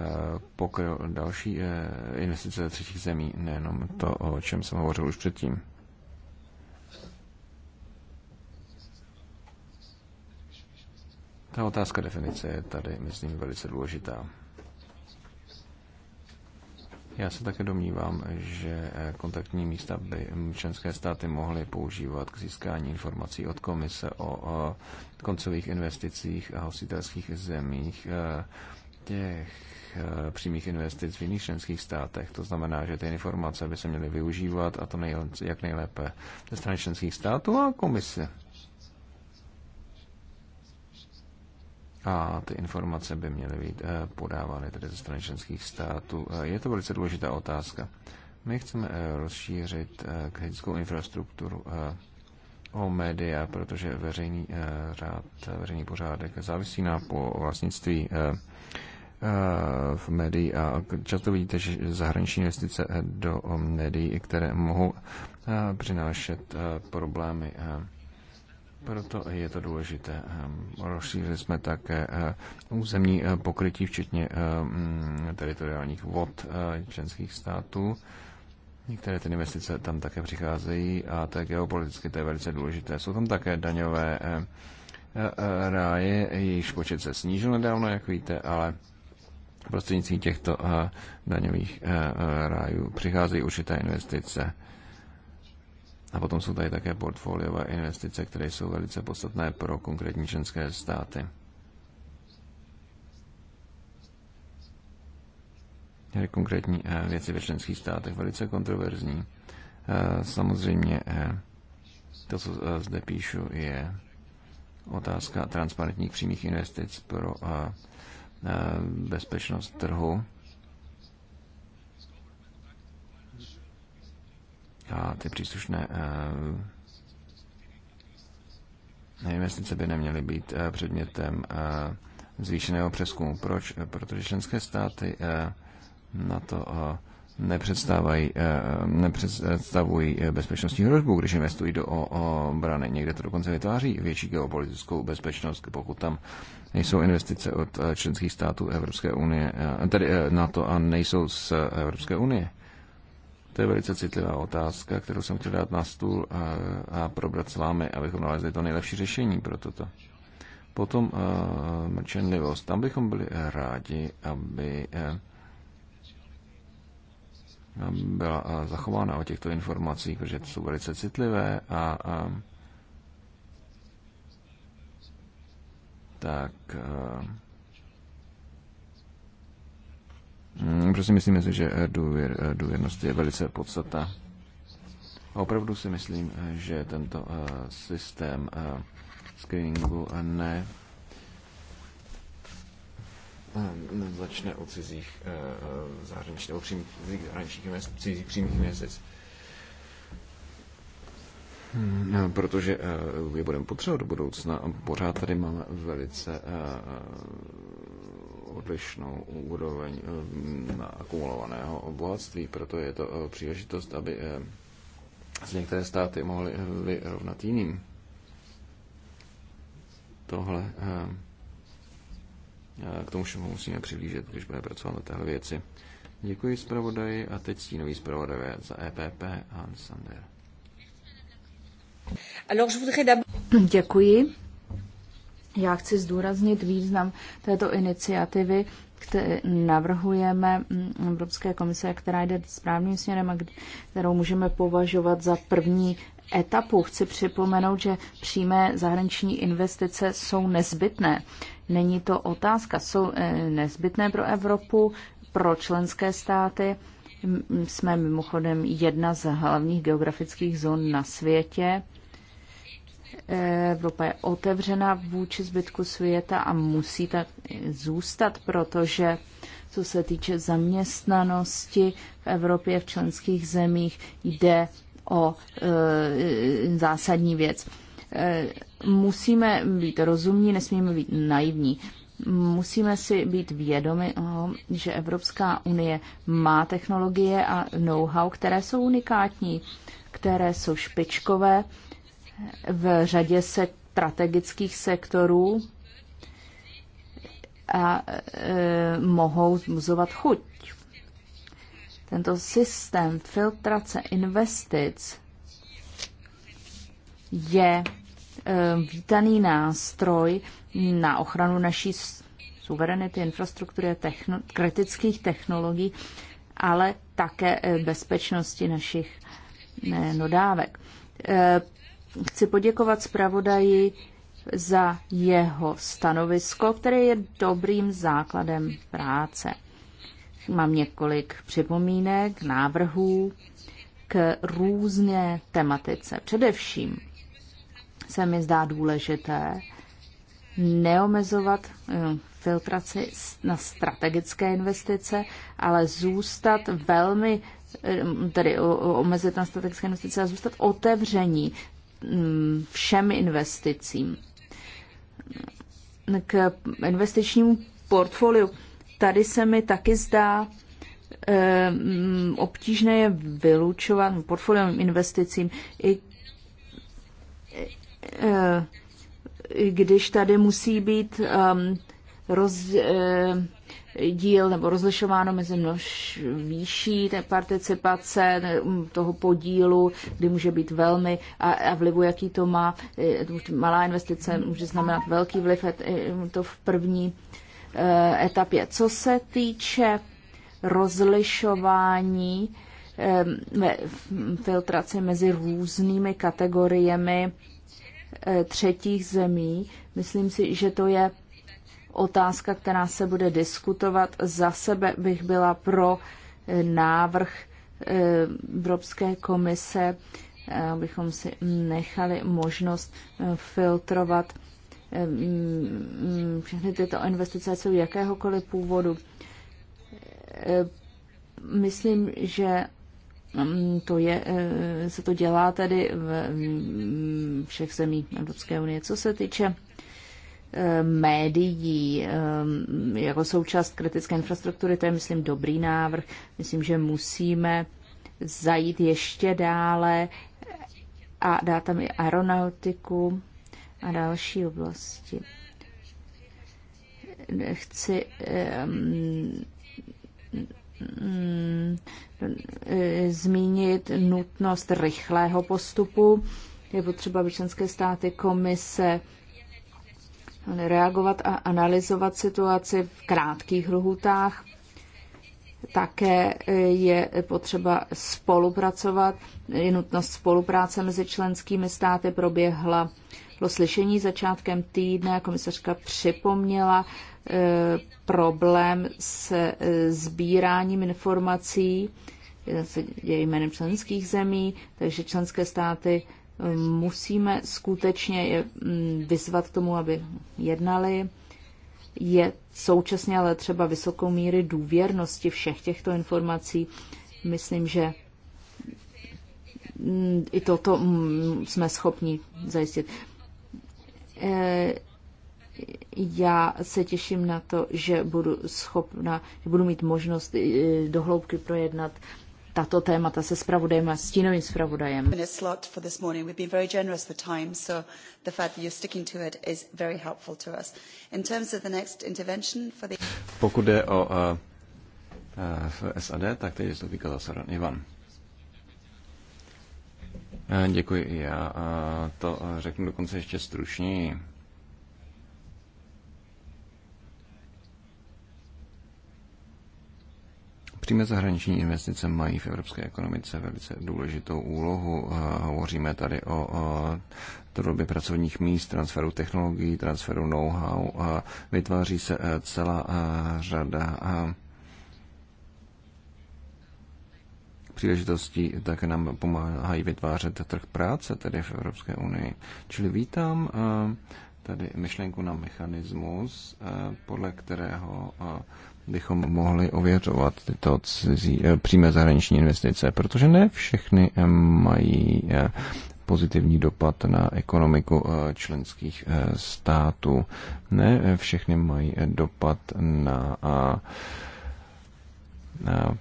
pokryl další eh, investice ze třetích zemí, nejenom to, o čem jsem hovořil už předtím. Ta otázka definice je tady, myslím, velice důležitá. Já se také domnívám, že eh, kontaktní místa by členské státy mohly používat k získání informací od komise o koncových investicích a hostitelských zemích těch eh, přímých investic v jiných členských státech. To znamená, že ty informace by se měly využívat a to nej, jak nejlépe ze strany členských států a komise. A ty informace by měly být eh, podávány tedy ze strany členských států. Eh, je to velice důležitá otázka. My chceme rozšířit kritickou infrastrukturu o média, protože veřejný řád, veřejný pořádek závisí na po vlastnictví v médií a často vidíte, že zahraniční investice do médií, které mohou eh, přinášet eh, problémy. Eh, proto je to důležité. Rozšířili jsme také územní pokrytí, včetně mm, teritoriálních vod členských států. Některé ty investice tam také přicházejí a tak geopoliticky to je velice důležité. Jsou tam také daňové ráje, jejichž počet se snížil nedávno, jak víte, ale prostřednictvím těchto eh, daňových eh, eh, rájů přicházejí určité investice. A potom jsou tady také portfoliové investice, které jsou velice podstatné pro konkrétní členské státy. Tady konkrétní věci ve členských státech velice kontroverzní. Samozřejmě to, co zde píšu, je otázka transparentních přímých investic pro Eh, bezpečnost trhu. A ty příslušné investice eh, by neměly být eh, předmětem zvýšeného přeskumu. Proč? Protože členské státy na to Eh, nepředstavují, nepředstavují eh, bezpečnostní hrozbu, když investují do obrany. Někde to dokonce vytváří větší geopolitickou bezpečnost, pokud tam nejsou investice od eh, členských států Evropské unie, tedy NATO a nejsou z Evropské unie. To je velice citlivá otázka, kterou jsem chtěl dát na stůl a, a probrat s vámi, abychom nalezli to nejlepší řešení pro toto. Potom uh, mlčenlivost. Tam bychom byli rádi, aby uh, byla zachována o těchto informacích, protože jsou velice citlivé a, a tak a, mm, prostě myslím si, že e, důvěr, e, důvěrnost je velice podstata. A opravdu si myslím, e, že tento systém screeningu ne Eh, začne u cizích eh, eh, zahraničních, nebo přím, cizích zahraničních investic, cizích přímých investic. Hmm, protože je budeme potřebovat do budoucna. Pořád tady máme velice odlišnou úroveň akumulovaného bohatství, proto je to příležitost, aby z některé státy mohly vyrovnat jiným. Tohle Eh, k tomu všemu musíme přiblížit, když bude pracovat na téhle věci. Děkuji zpravodaji a teď stínový zpravodaj za EPP Hans Sander. Děkuji. Já chci zdůraznit význam této iniciativy, které navrhujeme mm, Evropské komise, která jde správným směrem a kterou můžeme považovat za první etapu chci připomenout, že přímé zahraniční investice jsou nezbytné. Není to otázka, jsou eh, nezbytné pro Evropu, pro členské státy. Jsme mimochodem jedna z hlavních geografických zón na světě. Eh, Evropa je otevřena vůči zbytku světa a musí tak zůstat, protože co se týče zaměstnanosti v Evropě, v členských zemích, jde o e, zásadní věc. E, musíme být rozumní, nesmíme být naivní. Musíme si být vědomi, že Evropská unie má technologie a know-how, které jsou unikátní, které jsou špičkové v řadě se strategických sektorů a e, mohou zmuzovat chuť tento systém filtrace investic je e, vítaný nástroj na ochranu naší suverenity, infrastruktury a techno- kritických technologií, ale také e, bezpečnosti našich nodávek. E, chci poděkovat zpravodaji za jeho stanovisko, které je dobrým základem práce. Mám několik připomínek, návrhů k různé tematice. Především se mi zdá důležité neomezovat eh, filtraci na strategické investice, ale zůstat velmi, eh, tedy omezit na strategické investice a zůstat otevření mm, všem investicím. K investičnímu portfoliu tady se mi taky zdá eh, obtížné je vylučovat portfoliovým investicím, i eh, když tady musí být um, nebo rozlišováno mezi množ výší té participace, um, toho podílu, kdy může být velmi a, a vlivu, jaký to má. Malá investice může znamenat velký vliv, je to v první Eh, etapě. Co se týče rozlišování, eh, filtrace mezi různými kategoriemi eh, třetích zemí. Myslím si, že to je otázka, která se bude diskutovat. Za sebe bych byla pro návrh Evropské komise, abychom si nechali možnost filtrovat všechny tyto investice jsou jakéhokoliv původu. E, myslím, že to je, e, se to dělá tedy v všech zemí Evropské unie. Co se týče e, médií jako součást kritické infrastruktury, to je, myslím, dobrý návrh. Myslím, že musíme zajít ještě dále a dát tam i aeronautiku a další oblasti. Chci um, zmínit nutnost rychlého postupu. Je potřeba, aby členské státy komise reagovat a analyzovat situaci v krátkých lhutách. Také je potřeba spolupracovat. Je nutnost spolupráce mezi členskými státy proběhla bylo slyšení začátkem týdne, komisařka připomněla eh, problém s eh, sbíráním informací, eh, se jménem členských zemí, takže členské státy hm, musíme skutečně je hm, vyzvat k tomu, aby jednali. Je současně ale třeba vysokou míry důvěrnosti všech těchto informací. Myslím, že hm, i toto jsme schopni zajistit. Eh, já se těším na to, že budu schopna, že budu mít možnost eh, dohloubky projednat tato témata se spravodajem a stínovým spravodajem. Pokud jde o uh, eh, SAD, tak teď je to Ivan. Eh, děkuji. Já eh, to eh, řeknu dokonce ještě stručněji. Přímé zahraniční investice mají v evropské ekonomice velice důležitou úlohu. Hovoříme tady o, o tvorbě pracovních míst, transferu technologií, transferu know-how. Vytváří se celá řada příležitostí také nám pomáhají vytvářet trh práce, tedy v Evropské unii. Čili vítám eh, tady myšlenku na mechanismus, eh, podle kterého eh, bychom mohli ověřovat tyto cizí, přímé zahraniční investice, protože ne všechny mají pozitivní dopad na ekonomiku členských států. Ne všechny mají dopad na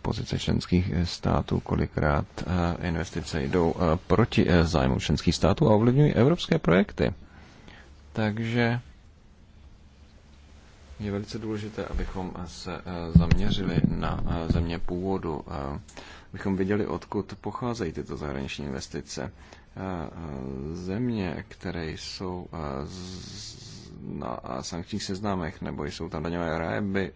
pozice členských států, kolikrát eh, investice jdou eh, proti eh, zájmu členských států a ovlivňují evropské projekty. Takže je velice důležité, abychom se zaměřili na země původu, abychom viděli, odkud pocházejí tyto zahraniční investice. Země, které jsou na sankčních seznámech nebo jsou tam daňové ráje, by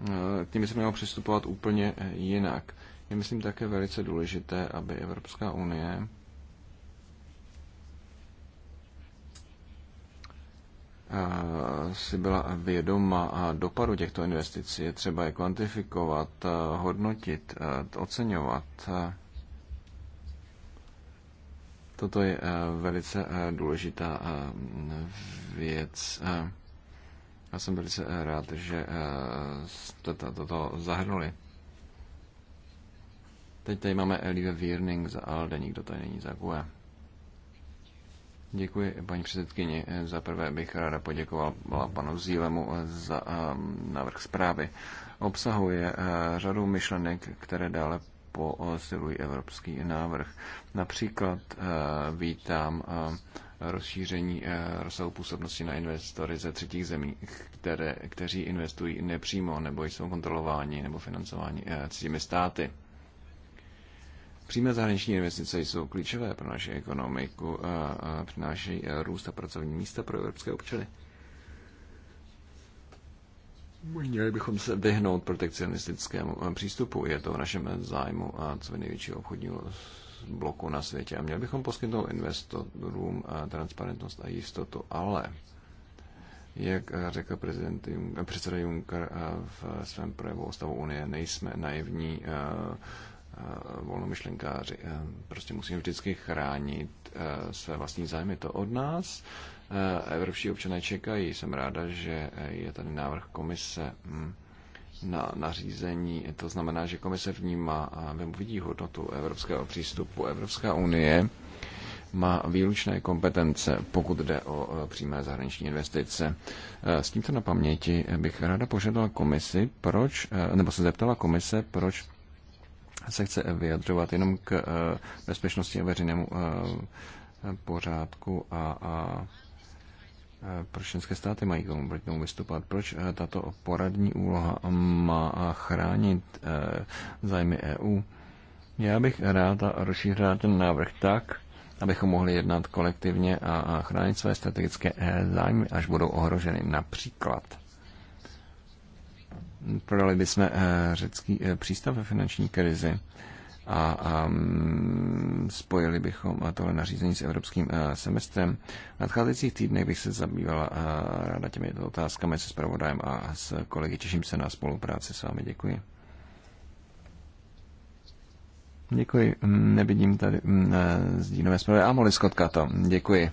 k eh, ním by se mělo přistupovat úplně eh, jinak. Je myslím také velice důležité, aby Evropská unie eh, si byla vědoma a dopadu těchto investic. Je třeba je kvantifikovat, hodnotit, oceňovat. Toto je velice důležitá věc. Já jsem velice eh, rád, že eh, jste toto zahrnuli. Teď tady máme Elive Wierning za ALDE, nikdo tady není za GUE. Děkuji, paní předsedkyni. Eh, za prvé bych ráda poděkoval panu Zílemu za návrh zprávy. Obsahuje řadu myšlenek, které dále posilují evropský návrh. Například vítám rozšíření eh, rozsahu působnosti na investory ze třetích zemí, které, kteří investují nepřímo nebo jsou kontrolováni nebo financováni eh, cizími státy. Přímé zahraniční investice jsou klíčové pro naši ekonomiku a eh, přinášejí růst a pracovní místa pro evropské občany. Měli bychom se vyhnout protekcionistickému přístupu. Je to v našem zájmu a co největšího obchodního bloku na světě. A měli bychom poskytnout investorům eh, transparentnost a jistotu, ale jak eh, řekl prezident, předseda Juncker eh, v svém projevu o stavu Unie, nejsme naivní volnomyšlenkáři. Prostě musíme vždycky chránit své vlastní zájmy. To od nás evropští občané čekají. Jsem ráda, že je tady návrh komise. Hmm na nařízení. To znamená, že komise vnímá a vidí hodnotu evropského přístupu. Evropská unie má výlučné kompetence, pokud jde o přímé zahraniční investice. E, s tímto na paměti bych ráda požádala komisi, proč, e, nebo se zeptala komise, proč se chce vyjadřovat jenom k e, bezpečnosti a veřejnému pořádku a, a Eh, proč členské státy mají k tomu, vystupovat, proč eh, tato poradní úloha má eh, chránit zájmy EU. Já bych rád rozšířil ten návrh tak, abychom mohli jednat kolektivně a chránit své strategické zájmy, až budou ohroženy. Například prodali bychom řecký přístav ve finanční krizi a, a mm, spojili bychom tohle nařízení s evropským semestrem. V nadcházejících týdnech bych se zabývala ráda těmi otázkami se zpravodajem a s kolegy. Těším se na spolupráci s vámi. Děkuji. Děkuji. Nevidím tady sdílové mm, e, zprávy. A Moli Skotka to. Děkuji.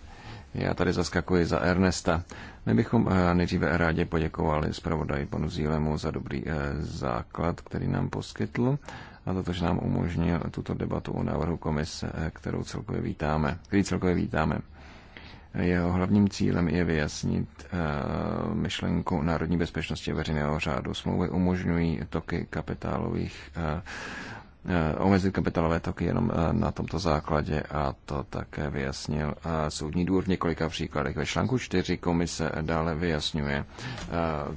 Já tady zaskakuji za Ernesta. My bychom e, nejdříve rádi poděkovali zpravodaji panu Zílemu za dobrý e, základ, který nám poskytl a to, že nám umožnil tuto debatu o návrhu komise, eh, kterou celkově vítáme, který celkově vítáme. Jeho hlavním cílem je vyjasnit eh, myšlenku národní bezpečnosti a veřejného řádu. Smlouvy umožňují toky kapitálových eh, Eh, omezit kapitálové toky jenom eh, na tomto základě a to také vyjasnil eh, soudní důr v několika příkladech. Ve článku 4 komise dále vyjasňuje,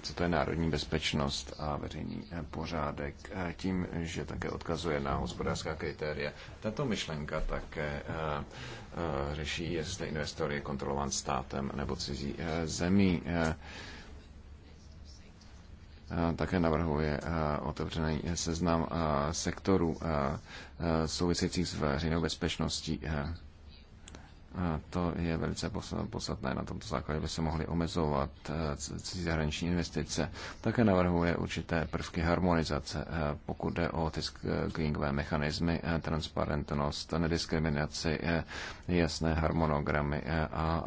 co to je národní bezpečnost a veřejný pořádek tím, že také odkazuje na hospodářská kritéria. Tato myšlenka také řeší, jestli investor je kontrolovan státem nebo cizí zemí také navrhuje otevřený seznam sektorů souvisejících s veřejnou bezpečností to je velice podstatné. Na tomto základě by se mohly omezovat eh, cizí zahraniční investice. Také navrhuje určité prvky harmonizace, eh, pokud jde o ty screeningové mechanismy, eh, transparentnost, nediskriminaci, jasné harmonogramy a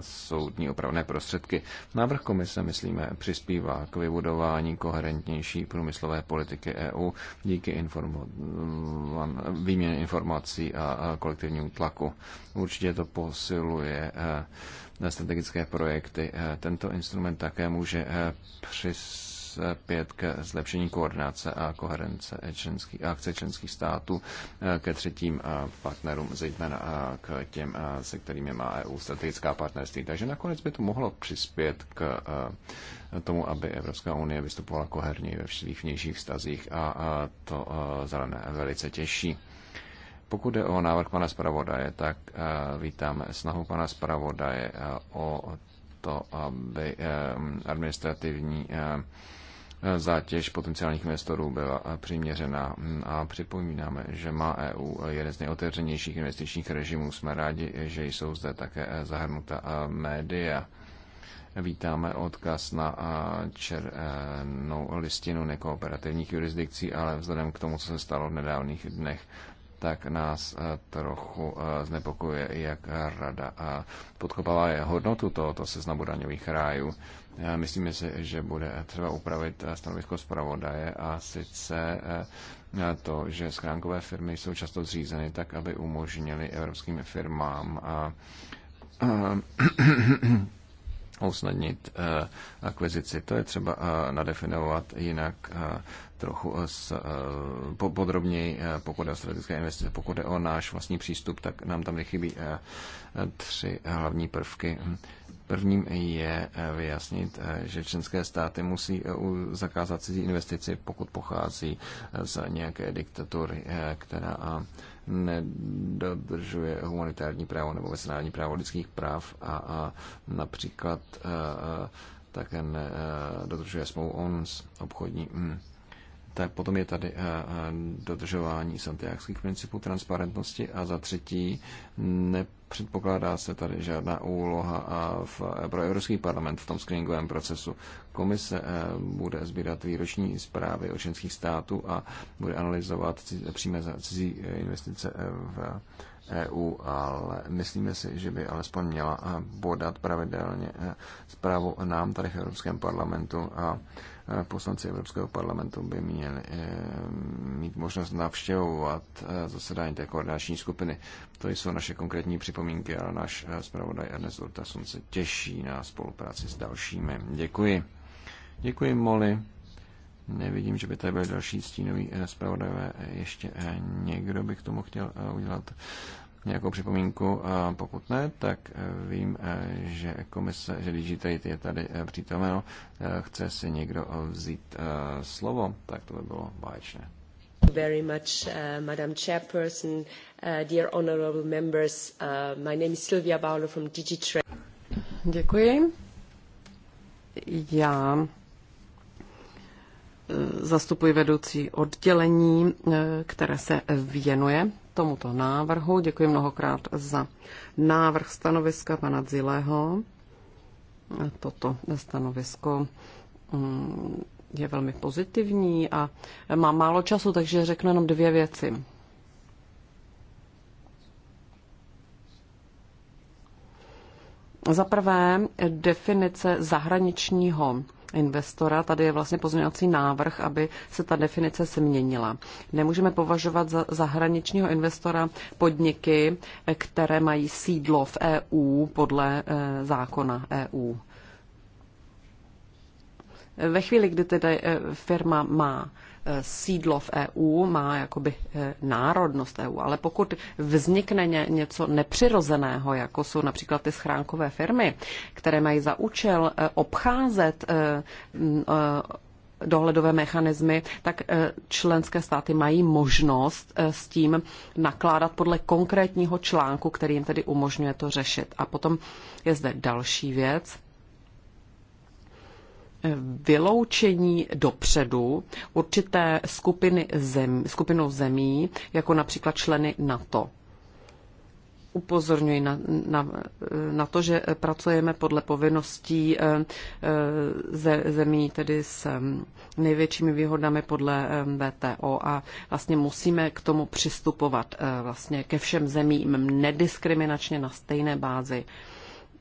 soudní opravné prostředky. Návrh komise, myslíme, přispívá k vybudování koherentnější průmyslové politiky EU díky informo- mm, výměně informací a kolektivnímu tlaku. Určitě to posiluje eh, strategické projekty. Eh, tento instrument také může eh, přispět k zlepšení koordinace a koherence členských, akce členských států ke třetím partnerům, zejména k těm, se kterými má EU strategická partnerství. Takže nakonec by to mohlo přispět k tomu, aby Evropská unie vystupovala koherněji ve svých vnějších vztazích a to zelené velice těší. Pokud jde o návrh pana zpravodaje, tak eh, vítáme snahu pana zpravodaje eh, o to, aby eh, administrativní zátěž potenciálních investorů byla přiměřená a připomínáme, že má EU jeden z nejotevřenějších investičních režimů. Jsme rádi, že jsou zde také zahrnuta média. Vítáme odkaz na černou listinu nekooperativních jurisdikcí, ale vzhledem k tomu, co se stalo v nedávných dnech, tak nás eh, trochu eh, znepokuje, jak rada eh, podkopala je hodnotu tohoto seznamu daňových rájů. Myslíme si, že bude třeba upravit stanovisko zpravodaje a sice to, že schránkové firmy jsou často zřízeny tak, aby umožnili evropským firmám a *clears throat* usnadnit akvizici. To je třeba nadefinovat, jinak trochu eh, s, eh, podrobněji, eh, pokud je o strategické investice, pokud je o náš vlastní přístup, tak nám tam nechybí tři hlavní prvky. Prvním je vyjasnit, že členské státy musí zakázat cizí investici, pokud pochází z nějaké diktatury, která nedodržuje humanitární právo nebo mezinárodní právo lidských práv a, a například také nedodržuje smlouvu ONS obchodní. Mm tak potom je tady eh, eh, dodržování santiagských principů transparentnosti a za třetí nepředpokládá se tady žádná úloha a eh, v, pro Evropský parlament v tom screeningovém procesu. Komise bude sbírat výroční zprávy o členských států a bude analyzovat přímé cizí investice v EU, ale myslíme si, že by alespoň měla podat pravidelně zprávu nám tady v Evropském parlamentu a poslanci Evropského parlamentu by měli eh, mít možnost navštěvovat eh, zasedání té koordinační skupiny. To jsou naše konkrétní připomínky, ale náš eh, zpravodaj Ernest Urtasun se těší na spolupráci s dalšími. Děkuji. Děkuji, Moli. Nevidím, že by tady byl další stínový zpravodajové. Ještě někdo by k tomu chtěl udělat nějakou připomínku? pokud ne, tak e, vím, e, že komise, že Digitate je tady e, přítomeno. Chce si někdo vzít slovo? Tak to by bylo báječné. Very much, uh, Madam Chairperson, uh, dear honorable members. Uh, my name is Silvia Bauer from Digitrade. Děkuji. Já zastupuji vedoucí oddělení, které se věnuje tomuto návrhu. Děkuji mnohokrát za návrh stanoviska pana Zileho. Toto stanovisko mm, je velmi pozitivní a má málo času, takže řeknu jenom dvě věci. Za prvé, definice zahraničního investora. Tady je vlastně pozměňovací návrh, aby se ta definice změnila. Nemůžeme považovat za zahraničního investora podniky, eh, které mají sídlo v EU podle eh, zákona EU. Ve chvíli, kdy tedy eh, firma má Eh, sídlo v EU, má jakoby eh, národnost EU, ale pokud vznikne něco nepřirozeného, jako jsou například ty schránkové firmy, které mají za účel eh, obcházet dohledové mechanismy, tak členské státy mají možnost s tím nakládat podle konkrétního článku, který jim tedy umožňuje to řešit. A potom je zde další věc, vyloučení dopředu určité skupiny zem, skupinou zemí, jako například členy NATO. Upozorňuji na, na, na to, že pracujeme podle povinností eh, eh, ze, zemí tedy s eh, největšími výhodami podle VTO a vlastně musíme k tomu přistupovat vlastně ke všem zemím nediskriminačně na stejné bázi.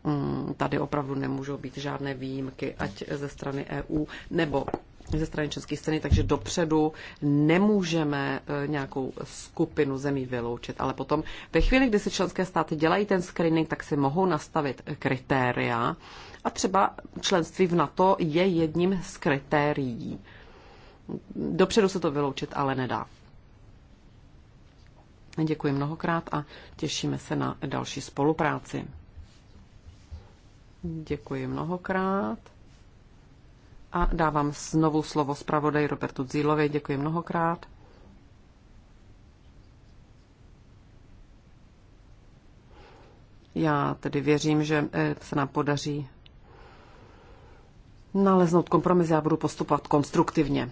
Mm, tady opravdu nemůžou být žádné výjimky, ať ze strany EU nebo ze strany české strany, takže dopředu nemůžeme e, nějakou skupinu zemí vyloučit. Ale potom ve chvíli, kdy si členské státy dělají ten screening, tak si mohou nastavit kritéria a třeba členství v NATO je jedním z kritérií. Dopředu se to vyloučit ale nedá. Děkuji mnohokrát a těšíme se na další spolupráci. Děkuji mnohokrát. A dávám znovu slovo zpravodaj Robertu Dzílovi. Děkuji mnohokrát. Já tedy věřím, že eh, se nám podaří naleznout kompromis. Já budu postupovat konstruktivně.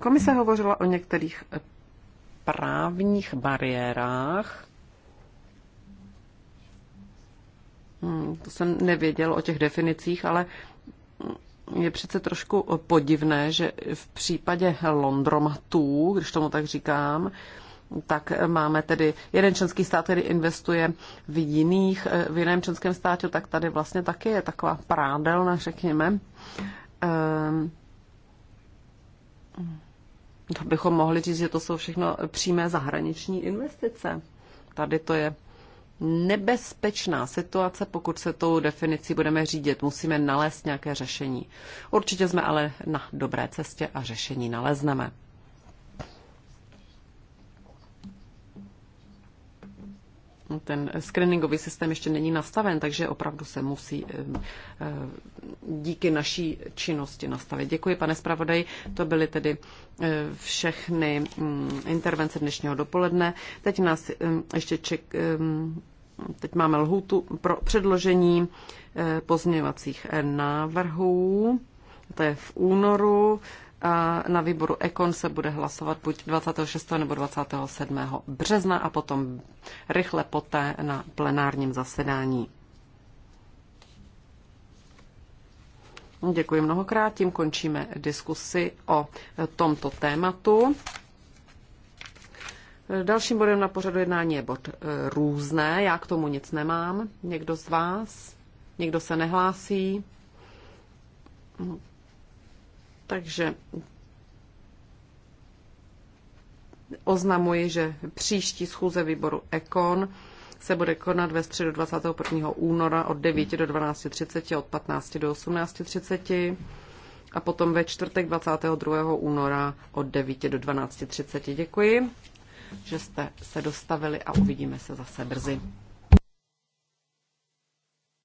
Komise hovořila o některých právních bariérách. Hmm, to jsem nevěděl o těch definicích, ale je přece trošku podivné, že v případě londromatů, když tomu tak říkám, tak máme tedy jeden členský stát, který investuje v, jiných, v jiném členském státě, tak tady vlastně taky je taková prádelna, řekněme. Um, to bychom mohli říct, že to jsou všechno přímé zahraniční investice. Tady to je nebezpečná situace, pokud se tou definicí budeme řídit. Musíme nalézt nějaké řešení. Určitě jsme ale na dobré cestě a řešení nalezneme. ten screeningový systém ještě není nastaven, takže opravdu se musí eh, eh, díky naší činnosti nastavit. Děkuji, pane zpravodaj. To byly tedy eh, všechny mm, intervence dnešního dopoledne. Teď nás ještě ček, teď máme lhůtu pro předložení pozměňovacích návrhů. To je v únoru na výboru Ekon se bude hlasovat buď 26. nebo 27. března a potom rychle poté na plenárním zasedání. Děkuji mnohokrát, tím končíme diskusi o tomto tématu. Dalším bodem na pořadu jednání je bod e, různé. Já k tomu nic nemám. Někdo z vás? Někdo se nehlásí? Takže oznamuji, že příští schůze výboru EKON se bude konat ve středu 21. února od 9 do 12.30, od 15 do 18.30 a potom ve čtvrtek 22. února od 9 do 12.30. Děkuji, že jste se dostavili a uvidíme se zase brzy.